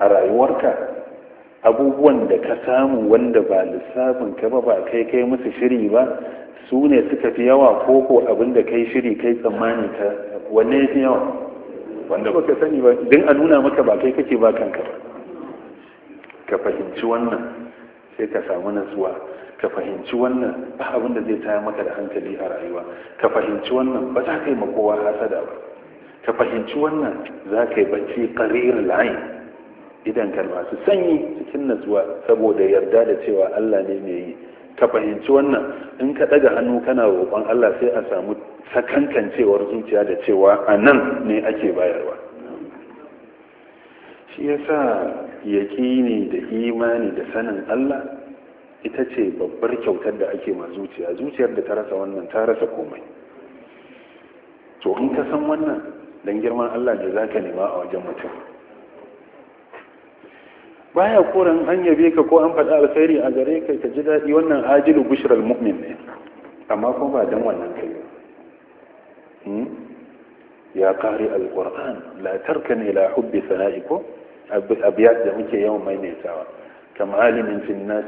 a rayuwarka abubuwan da ka samu wanda ba lissafin ka ba ba kai kai musu shiri ba su ne suka fi yawa ko ko abin da kai shiri kai tsammani ka wanne ya fi yawa wanda ka sani ba din a nuna maka ba kai kake ba kanka ba ka fahimci wannan sai ka samu natsuwa ka fahimci wannan ba abin da zai taya maka da hankali a rayuwa ka fahimci wannan ba za ka yi ma kowa hasada ba ka fahimci wannan za ka yi bacci ƙarirar al idanka masu sanyi cikin natsuwa saboda yarda da cewa Allah ne mai yi ka fahimci wannan in ka daga hannu kana roƙon Allah sai a samu sakankancewar zuciya da cewa a nan ne ake bayarwa shi ya yasa yaƙini da imani da sanin Allah ita ce babbar kyautar da ake ma zuciya zuciyar da ta rasa wannan ta rasa komai to in ka san wannan dan girman Allah da ka nema a wajen mutum baya koran an yabe ka ko an faɗi alkhairi a gare ka ka ji daɗi wannan ajilu bushral mu'min ne amma ko ba dan wannan kai hmm? ya qari alquran la tarkan ila hubbi sana'iko abiyat da muke yawan maimaitawa kam alimin fil nas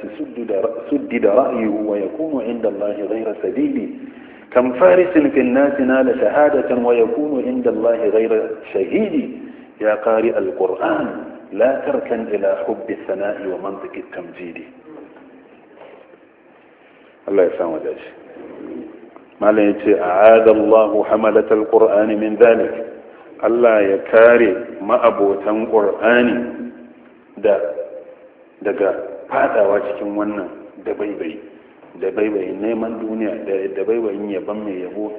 suddida ra'yuhu wa yakunu inda Allah ghayra sadidi kam farisin fil nas nala shahadatan wa yakunu inda Allah ghayra shahidi ya qari alquran la tarkan hubbi sana'i wa mantiki tamjidi Allah ya samu dace malam yace a'adallahu hamalatal Kur'ani min dhalik Allah ya kare ma'abotan qur'ani daga faɗawa cikin wannan dabaibai dabaibayin neman duniya da dabaibayin yaban mai yabo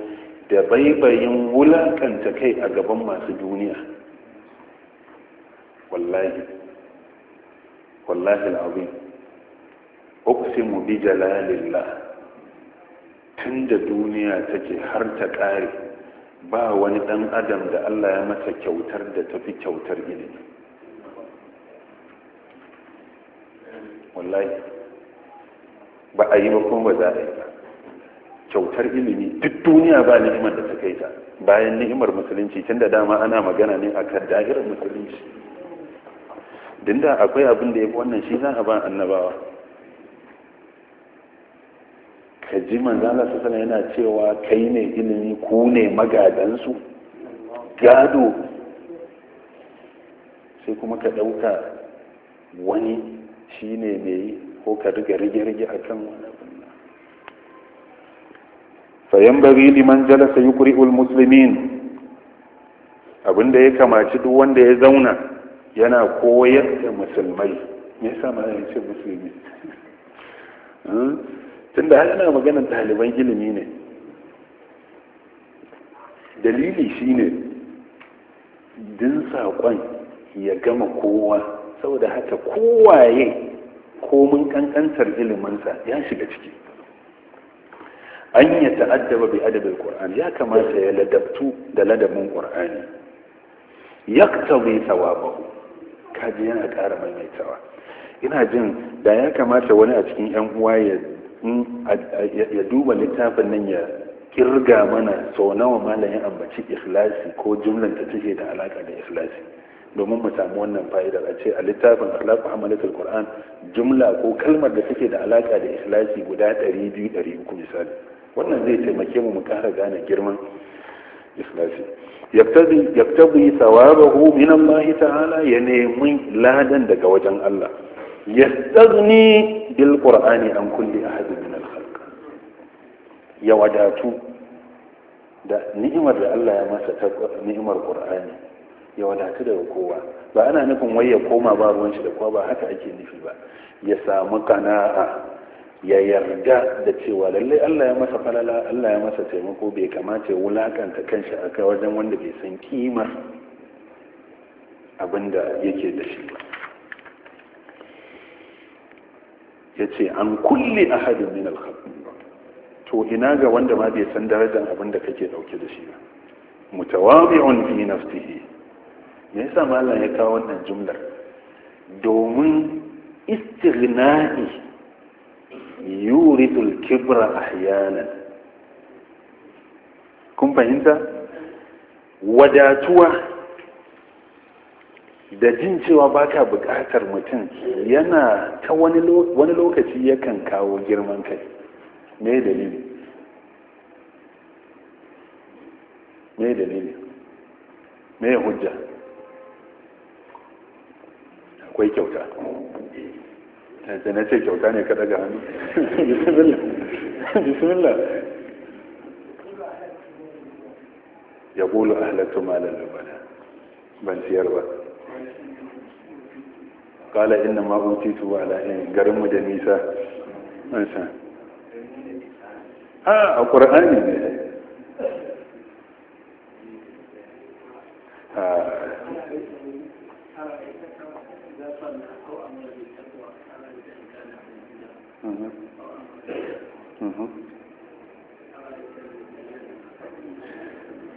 da baibayin wulakanta kai a gaban masu duniya wallahi wallahi al'azim uqsimu bi jalalillah tun da duniya take har ta ƙare ba wani ɗan adam da Allah ya masa kyautar da tafi kyautar ilimi wallahi ba a yi ba kuma ba za a yi ba kyautar ilimi duk duniya ba ni'imar da ta kai ta bayan ni'imar musulunci tun da dama ana magana ne a kan dahirar musulunci din akwai abin da ya fi wannan shi za a ba annabawa ka ji manzana su yana cewa kai ne ilimi ku ne magadansu gado sai kuma ka ɗauka wani shi ne mai ko ka riga rige-rige a kan wani fayan bari liman jalasa yi ƙuri'ul musulmin abinda ya kamaci duk wanda ya zauna yana koyar da musulmai me yasa ma ya ce musulmi hmm? tunda da ana maganar ɗaliban ilimi ne dalili shine din saƙon ya gama kowa saboda haka kowaye komin kankantar iliminsa ya shiga ciki an yi ta'addaba bi adabin qur'an ya kamata ya ladabtu da ladabin qur'ani yaktabi sawabahu kaji yana ƙara maimaitawa ina jin da ya kamata wani a cikin yan uwa ya duba littafin nan ya kirga mana sau nawa malamin ambaci ikhlasi ko jumlan ta take da alaka da ikhlasi domin mu samu wannan fa'idar a ce a littafin akhlaqu amalatul qur'an jumla ko kalmar da take da alaka da ikhlasi guda 200 300 misali wannan zai taimake mu mu kara gane girman ikhlasi yaktabi sawabahu min Allah ta'ala ya nemi ladan daga wajen Allah yastazni bil qur'ani an kulli ahad min al khalq ya wadatu da ni'imar da Allah ya masa ta ni'imar qur'ani ya wadatu daga kowa ba ana nufin wai ya koma ba ruwan shi da kowa ba haka ake nufi ba ya samu kana'a ya yarda da cewa lallai Allah ya masa falala Allah ya masa taimako bai kamata ya wulakanta kanshi a kai wajen wanda bai san kimar abin da yake da shi ba ya ce an kulle hadin min to ina ga wanda ma bai san darajar abin kake dauke da shi ba mutawadi'un fi nafsihi me yasa malam ya kawo wannan jumlar domin istighna'i yuridul kibra ahyanan kun fahimta wadatuwa da jin cewa baka bukatar mutum yana ta wani lokaci yakan kawo girman kai me dalili me dalili me hujja akwai kyauta sai na ce kyauta ne ka daga hannu bismillah ya bulu ahlatu malar lubana ban siyar ba kala inna ma titu wa ala'in garin mu da nisa an ha a ƙura'ani ne ha Mm-hmm. Mm-hmm.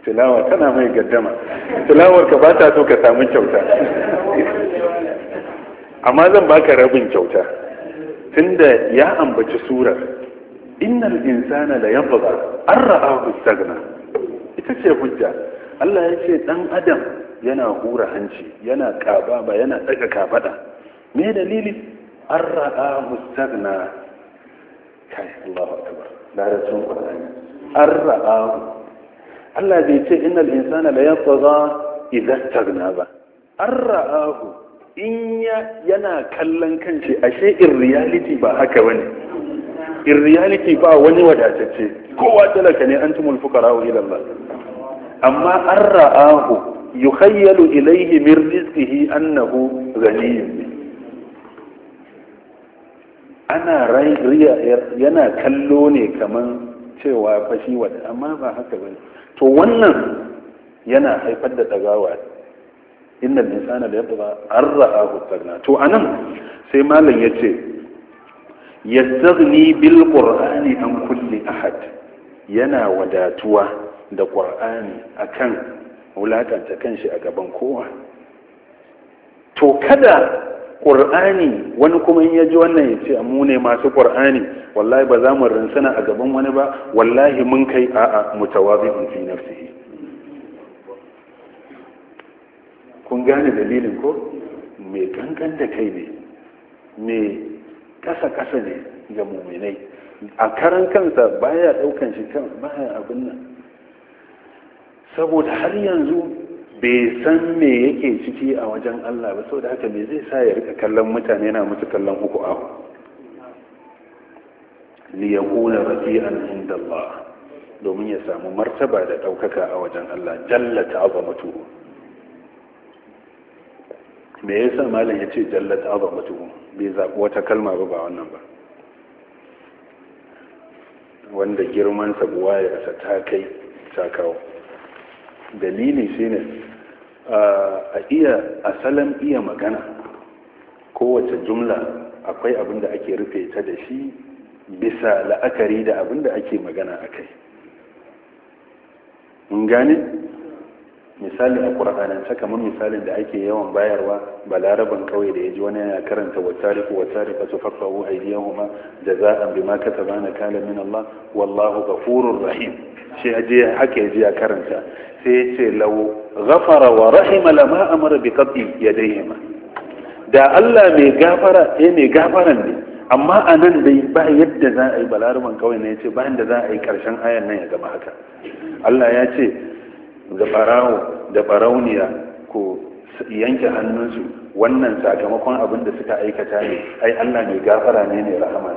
tilawa tana mai gaddama tilawar ka ba ta so ka samu kyauta amma zan baka rabin kyauta tunda ya ambaci surar innal insana la ba, an ra'ahu istaghna ita ce hujja Allah ya ce dan adam yana hura hanci yana kaba ba yana daga kafaɗa. me dalili an ra'a mustagna kai Allahu akbar larabcin Qur'ani an ra'a Allah bai ce in insana la yatgha idza istagna ba an ra'ahu in yana kallon kanshi ashe in reality ba haka bane in reality ba wani wadatacce kowa talaka ne antumul fuqara ila Allah amma an ra'ahu yukhayyalu ilaihi min rizqihi annahu ghaniyyun ana riya yana kallo ne kaman cewa fashi wata amma ba haka ba to wannan yana haifar da ɗagawa inda nisana da yadda an ra'a hutarna to anan sai malam ya ce yazzagni bil qur'ani an kulli ahad yana wadatuwa da qur'ani akan wulakanta kanshi a gaban kowa to kada ƙur'ani wani kuma in ya ji wannan ya ce mu ne masu ƙur'ani wallahi ba za mu rinsuna a gaban wani ba wallahi mun kai a'a mutawazi'un fi nafsihi kun gane dalilin ko mai gangan da kai ne mai kasa kasa ne ga muminai a karan kansa baya daukan shi kan baya abin nan saboda har yanzu bai san me yake ciki a wajen Allah ba saboda haka me zai sa ya rika kallon mutane na mutu kallon uku ahu li rafi'an inda Allah domin ya samu martaba da ɗaukaka a wajen Allah jalla ta'azamatu me yasa malam yace jalla ta'azamatu bai ku wata kalma ba ba wannan ba wanda girman sa ta kai ta kawo dalili shine a iya asalin iya magana kowace jumla akwai abin da ake rufe ta da shi bisa la'akari da abin da ake magana a kai mun gane misali a ƙura'anance kamar misalin da ake yawan bayarwa balaraban kawai da ya ji wani yana karanta watariku watarika su fafawo a yawon ma. da za a bi maka ta bane kala min Allah wallahu furun rahim shi aje haka ya ji ya karanta sai ya ce lawo ghafara wa rahima lama amara bi qabdi yadayhima da Allah mai gafara eh mai gafaran ne amma a nan dai ba yadda za a yi balaraman kawai ne ya ce bayan da za a yi karshen ayan nan ya gama haka Allah ya ce da farawo da farauniya ko yanke hannunsu wannan sakamakon abin da suka aikata ne ai Allah mai gafara ne ne rahama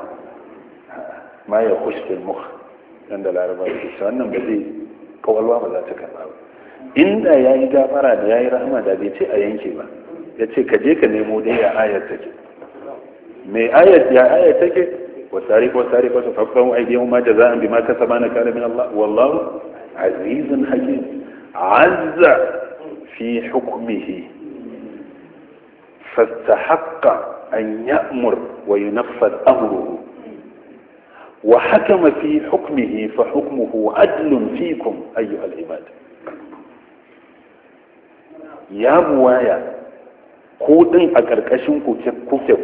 ma ya kushfil mukh dan da laraba wannan ba zai kawalwa ba za ta karba ba inda ya yi gafara da ya yi rahama da bai ce a yanke ba ya ce ka je ka nemo dai ya ayar take mai ayar ya ayar take wasari ko sari ko su aiki yau ma jaza'an bima sama na kare min Allah wallahu azizun haƙi azza fi hukumihi fasta haƙa an ya'mur wa yi amuru yunaffad amruhu وحكم في حكمه فحكمه عدل فيكم أيها العباد ya buwaya ko din a ƙarƙashin kuke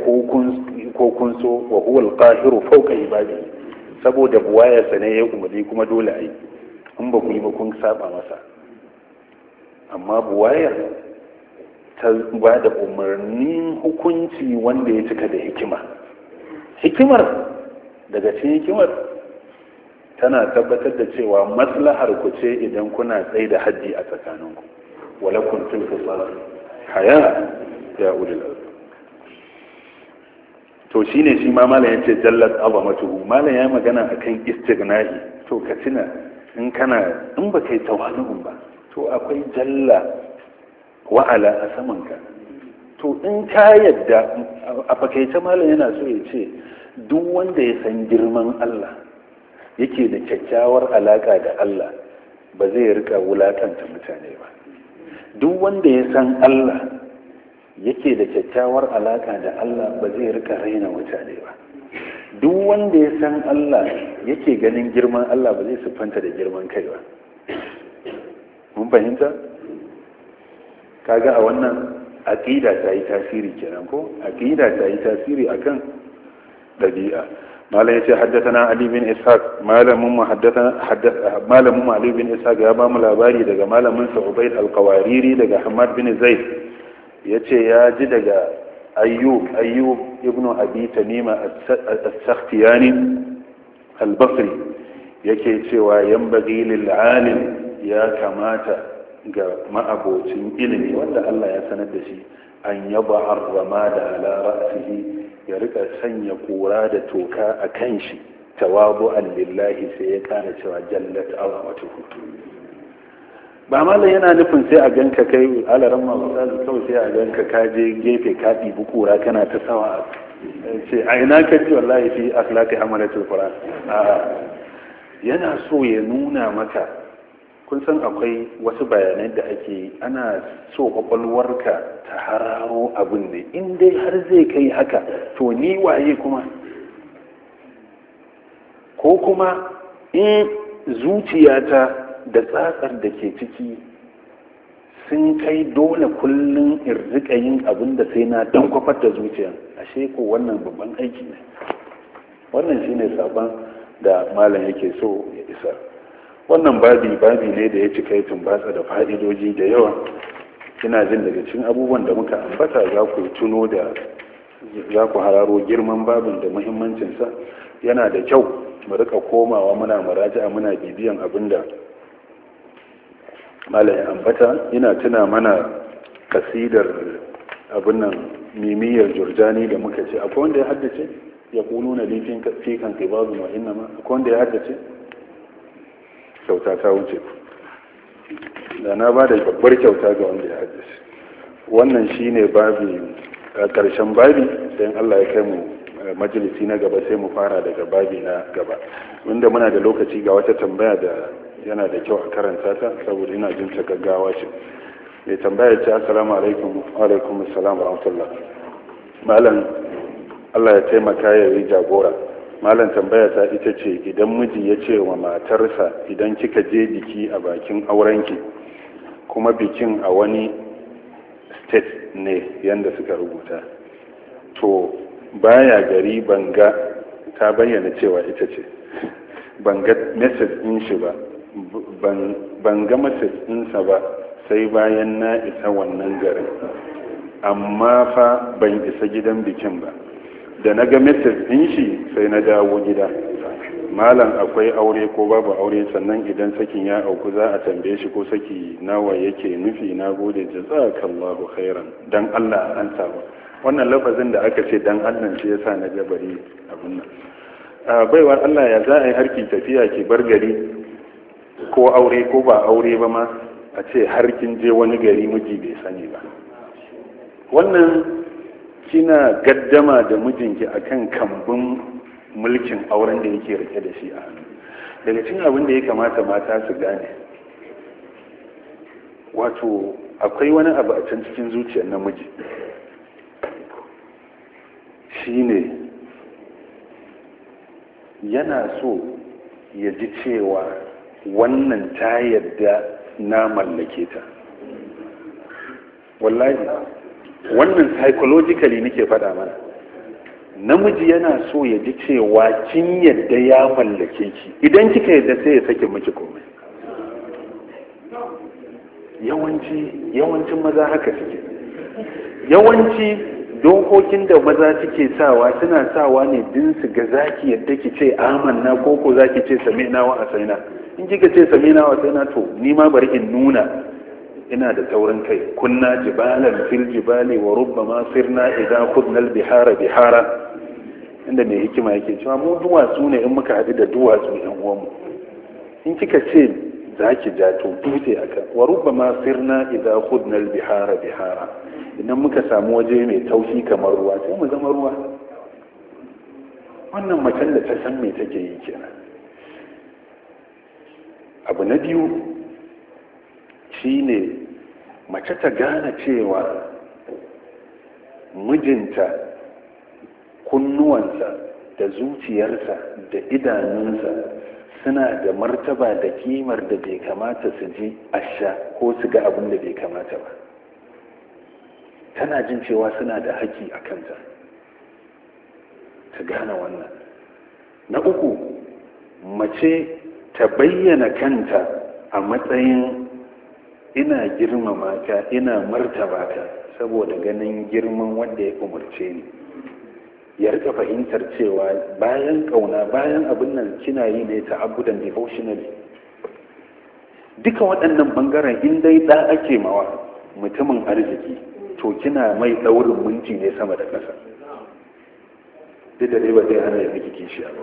ko kun so wa huwa alqahiru fawqa ibadi saboda buwaya sane ya umarni kuma dole ai in ba ku yi ba kun saba masa amma buwayar ta ba da umarnin hukunci wanda ya cika da hikima hikimar daga cikin hikimar tana tabbatar da cewa maslahar ku ce idan kuna tsaye da haji a tsakaninku ولكم في القصاص حياة يا أولي الألباب to shine shi ma malam yace jallat azamatuhu malam ya magana akan istighna'i to ka tuna in kana in baka yi tawalu'un ba to akwai jalla wa'ala a saman ka to in ka yadda a fakaice malam yana so ya ce duk wanda ya san girman Allah yake da kyakkyawar alaka da Allah ba zai rika wulakanta mutane ba duk wanda ya san Allah yake da kyakkyawar alaka da Allah ba zai rika raina mutane ba duk wanda ya san Allah yake ganin girman Allah ba zai siffanta da girman kai ba mun fahimta kaga a wannan aqida ta yi tasiri kenan ko aqida ta yi tasiri akan dabi'a malam yace ce haddatana bin ishaq malamin mu ya ba mu labari daga malamin sa ubayd al-qawariri daga hamad bin zaid yace ya ji daga ayyub ayyub ibnu abi tanima as-sakhtiyani al yake cewa yan bagi lil ya kamata ga ma'abocin ilimi wanda Allah ya sanar da shi an yaba arzama da ala ra'asihi ya rika sanya kura da toka a kan shi an lillahi sai ya kana cewa jallat hutu ba malam yana nufin sai a ganka kai alaran ma misali kawai sai a ganka ka je gefe ka ɗibi kura kana ta sawa ce a ina ka ji wallahi fi akhlaqi amalatul qur'an yana so ya nuna maka kun san akwai wasu bayanai da ake ana so kwakwalwarka ta hararo abin ne in dai har zai kai haka to ni waye kuma ko kuma in zuciyata da tsatsar da ke ciki sun kai dole kullum in rika yin abin da sai na dan kwafar da zuciya ashe ko wannan babban aiki ne wannan shine sabon da malam yake so ya isa wannan babi babi ne da ya cika ya tumbatsa da fa'idoji da yawa ina jin daga cikin abubuwan da muka ambata za ku tuno da za ku hararo girman babin da muhimmancinsa yana da kyau mu rika komawa muna muraja'a muna bibiyan abin da ambata ina tuna mana kasidar abin nan mimiyar jurjani da muka ce akwai wanda ya haddace ya kununa lifin fikan kai babu ma inna ma akwai wanda ya haddace kyauta ta wuce da na ba da babbar kyauta ga wanda ya haddasa wannan ne babi a ƙarshen babi don allah ya kai mu eh, majalisi na gaba sai mu fara daga babi na gaba inda muna da lokaci ga wata tambaya da yana da kyau a karanta ta saboda ina jin ta gaggawa ce mai tambaya ce assalamu alaikum alaikum assalam wa rahmatullah malam Allah ya taimaka ya yi jagora malam tambaya ta ita ce idan miji ya ce wa matarsa idan kika je biki a bakin aurenki kuma bikin a wani state ne yadda suka rubuta to baya gari banga ta bayyana cewa ita ce banga message din shi ba banga message ɗinsa ba sai bayan na isa wannan garin amma fa ban isa gidan bikin ba da na ga message din shi sai na dawo gida malam akwai aure ko babu aure sannan idan sakin ya auku za a tambaye shi ko saki nawa yake nufi na gode jazakallahu khairan dan Allah an saba wannan lafazin da aka ce dan Allah shi yasa na jabari abin nan baiwar Allah ya za a yi harki tafiya ki bar gari ko aure ko ba aure ba ma a ce harkin je wani gari miji bai sani ba wannan kina gaddama da mijinki akan kambun mulkin auren da yake rike da shi a hannu daga cin abin da ya kamata mata su gane wato akwai wani abu a can cikin zuciyar namiji shi ne yana so ya ji cewa wannan ta yadda na mallake ta wallahi wannan psychologically nake faɗa mana namiji yana so ya ji cewa kin yadda ya mallake ki idan kika yadda sai ya sake miki komai yawanci yawancin maza haka suke yawanci dokokin da maza suke sawa suna sawa ne din su ga zaki yadda ki ce amanna ko ko zaki ce na wa asaina in kika ce na wa asaina to ni ma bari in nuna ina da taurin kai kunna jibalan fil jibali wa rubbama sirna idan kudna bihara bihara inda mai hikima yake cewa mu duwatsu ne in muka haɗu da duwatsu ɗan uwanmu in kika ce za ki ja to dutse aka wa rubbama sirna idan kudna bihara bihara idan muka samu waje mai taushi kamar ruwa sai mu zama ruwa wannan macen da ta san me take yi kenan abu na biyu shine mace ta gane cewa mijinta kunnuwansa da zuciyarsa da idanunsa suna da martaba da kimar da bai kamata su ji asha ko su ga abin da bai kamata ba tana jin cewa suna da haƙƙi a kanta ta gane wannan na uku mace ta bayyana kanta a matsayin ina girmama ka ina martaba ka saboda ganin girman wanda ya umarce ni ya rika fahimtar cewa bayan kauna bayan abin nan kina yi ne ta abudan devotionally duka waɗannan bangaren in dai ɗa ake mawa mutumin arziki to kina mai ɗaurin minti ne sama da ƙasa duk da riba zai hana ya fi miki a ba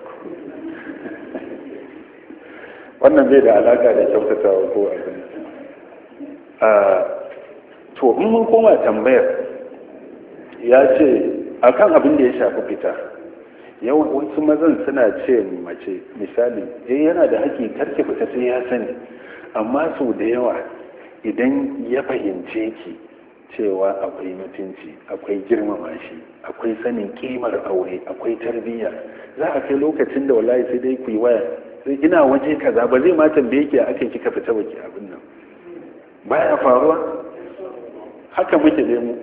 *laughs* wannan zai da alaƙa da kyautatawa ko abin to in mun koma tambayar ya ce a kan abin da ya shafi fita yawan wasu mazan suna ce mace misali ya eh, yana da haƙƙi karki fita sai ya sani amma sau da yawa idan ya fahimce ki cewa akwai mutunci akwai girmama shi akwai sanin kimar aure akwai tarbiyya za a kai lokacin da wallahi sai dai ku yi waya sai eh, ina waje kaza ba zai ma tambaye ki akan kika fita baki abin nan baya faruwa haka muke nemo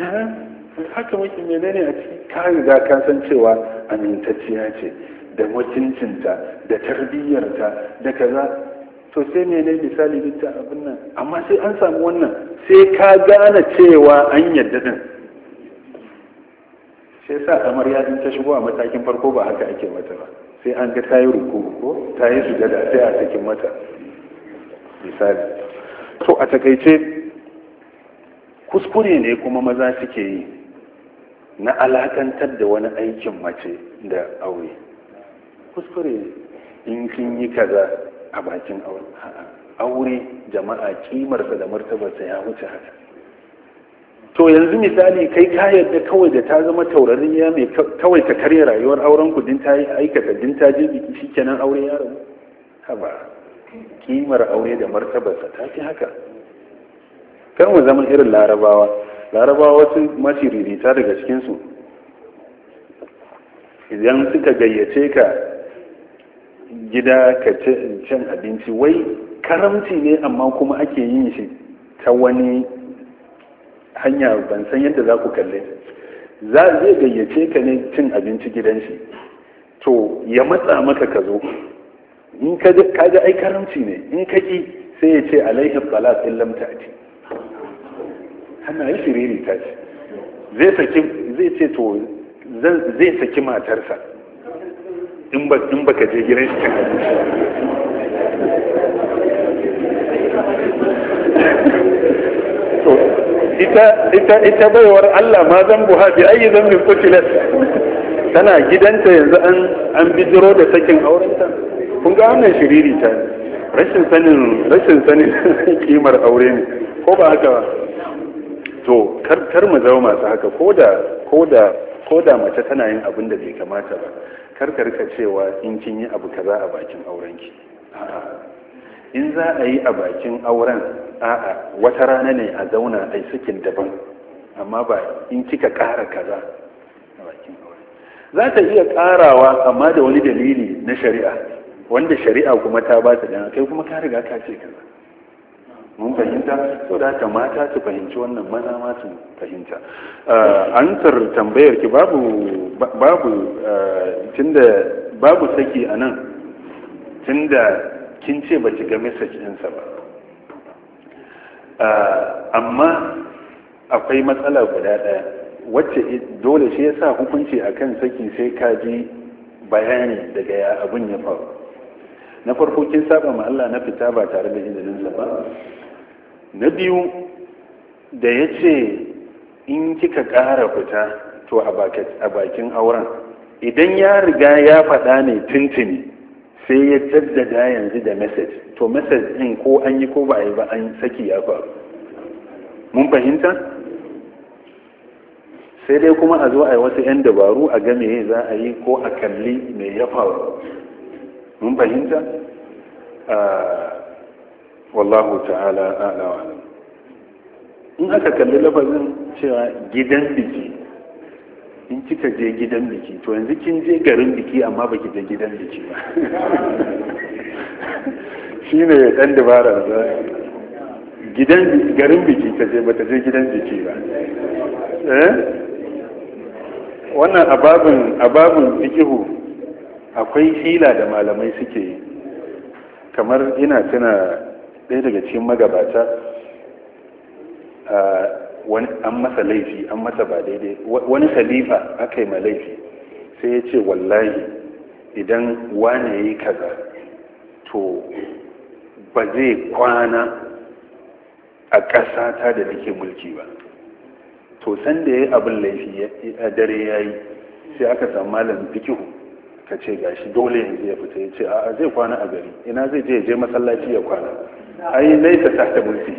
eh, haka muke menene a ciki ka riga ka san cewa amintacciya ce da mutuncinta da tarbiyyarta da kaza to sai ne misali dutta abin nan amma sai an samu wannan sai ka gane cewa an yadda din sai sa kamar ya ta shigo a matakin farko ba haka ake mata ba sai an ga ta yi ruku ko ta yi sujada sai a cikin mata misali so a takaice kuskure ne kuma maza suke yi na alakantar da wani aikin mace da aure kuskure in kin yi kaza a bakin aure aure jama'a kimarsa da martabarsa ya wuce haka to yanzu misali kai ka yarda kawai da ta zama ya mai kawai ta karya rayuwar auren ku din ta aikata din ta je biki shikenan aure ya rabu haba kimar aure da martabarsa ta fi haka Kan mu zama irin larabawa larabawa wasu mashiririta daga cikinsu idan suka gayyace ka gida ka cin abinci wai karamci ne amma kuma ake yin shi ta wani hanya ban san yadda za ku kalle za zai gayyace ka ne cin abinci gidan shi to ya matsa maka ka zo in ka ga ai karamci ne in ka ki sai ya ce alaihi salat in lam ta'ti hana yi shiriri ta ce zai saki zai ce to zai saki matarsa in ba in baka je gidan shi kan *laughs* to ita ita ita baiwar Allah ma zan buha bi ayi zambin kutilat tana gidanta yanzu an an bijiro da sakin aurenta kun ga wannan shiriri ta rashin sanin rashin sanin *laughs* kimar aure ne ko ba haka ba to kar kar mu zama masu haka ko da ko da ko da mace tana yin abin da bai kamata ba kar ka rika cewa in kin yi abu kaza a bakin aurenki in za a yi a bakin auren a'a wata rana ne a zauna a yi sukin daban amma ba in kika ƙara kaza a bakin auren za ta iya ƙarawa amma da wani dalili na shari'a wanda shari'a kuma ta ba ta dana kai kuma ka riga ka ce kaza mun fahimta so da ta mata su fahimci wannan maza ma su fahimta ansar ah, tambayar ki babu babu ah, tunda babu saki a nan tunda kin ce ba ki ga message ɗinsa ba ah, amma akwai matsala guda ɗaya wacce dole shi yasa hukunci akan saki sai ka ji bayani daga ya abin ya faru na farko kin saba ma Allah na fita ba tare da sa ba na biyu da ya ce in kika ƙara fita to a bakin auren idan ya riga ya faɗa ne tuntuni sai ya jaddada yanzu da message to message ɗin ko an yi ko ba a yi ba an saki ya faru mun fahimta sai dai kuma a zo a yi wasu 'yan dabaru a game za a yi ko a kalli mai ya faru mun fahimta ah, wallahu ta'ala ala wa in aka kalli lafazin cewa gidan biki in kika je gidan biki to yanzu kin je garin biki amma baki je gidan biki ba *laughs* shi ne dan dabara za gidan garin biki ta je bata je gidan biki ba eh wannan ababin ababin fikihu akwai hila da malamai suke yi kamar ina tuna ɗaya daga cikin magabata ah, wani an masa laifi an masa ba daidai wani khalifa aka yi ma laifi sai ya ce wallahi idan wane ya yi kaza to ba zai kwana a ƙasa ta da nake mulki ba to sanda ya yi abin laifi a dare ya yi sai aka samu malam fikihu ka ce gashi dole yanzu ya fita ya ce a zai kwana a gari ina zai je je masallaci ya kwana ai nai ta ta mulki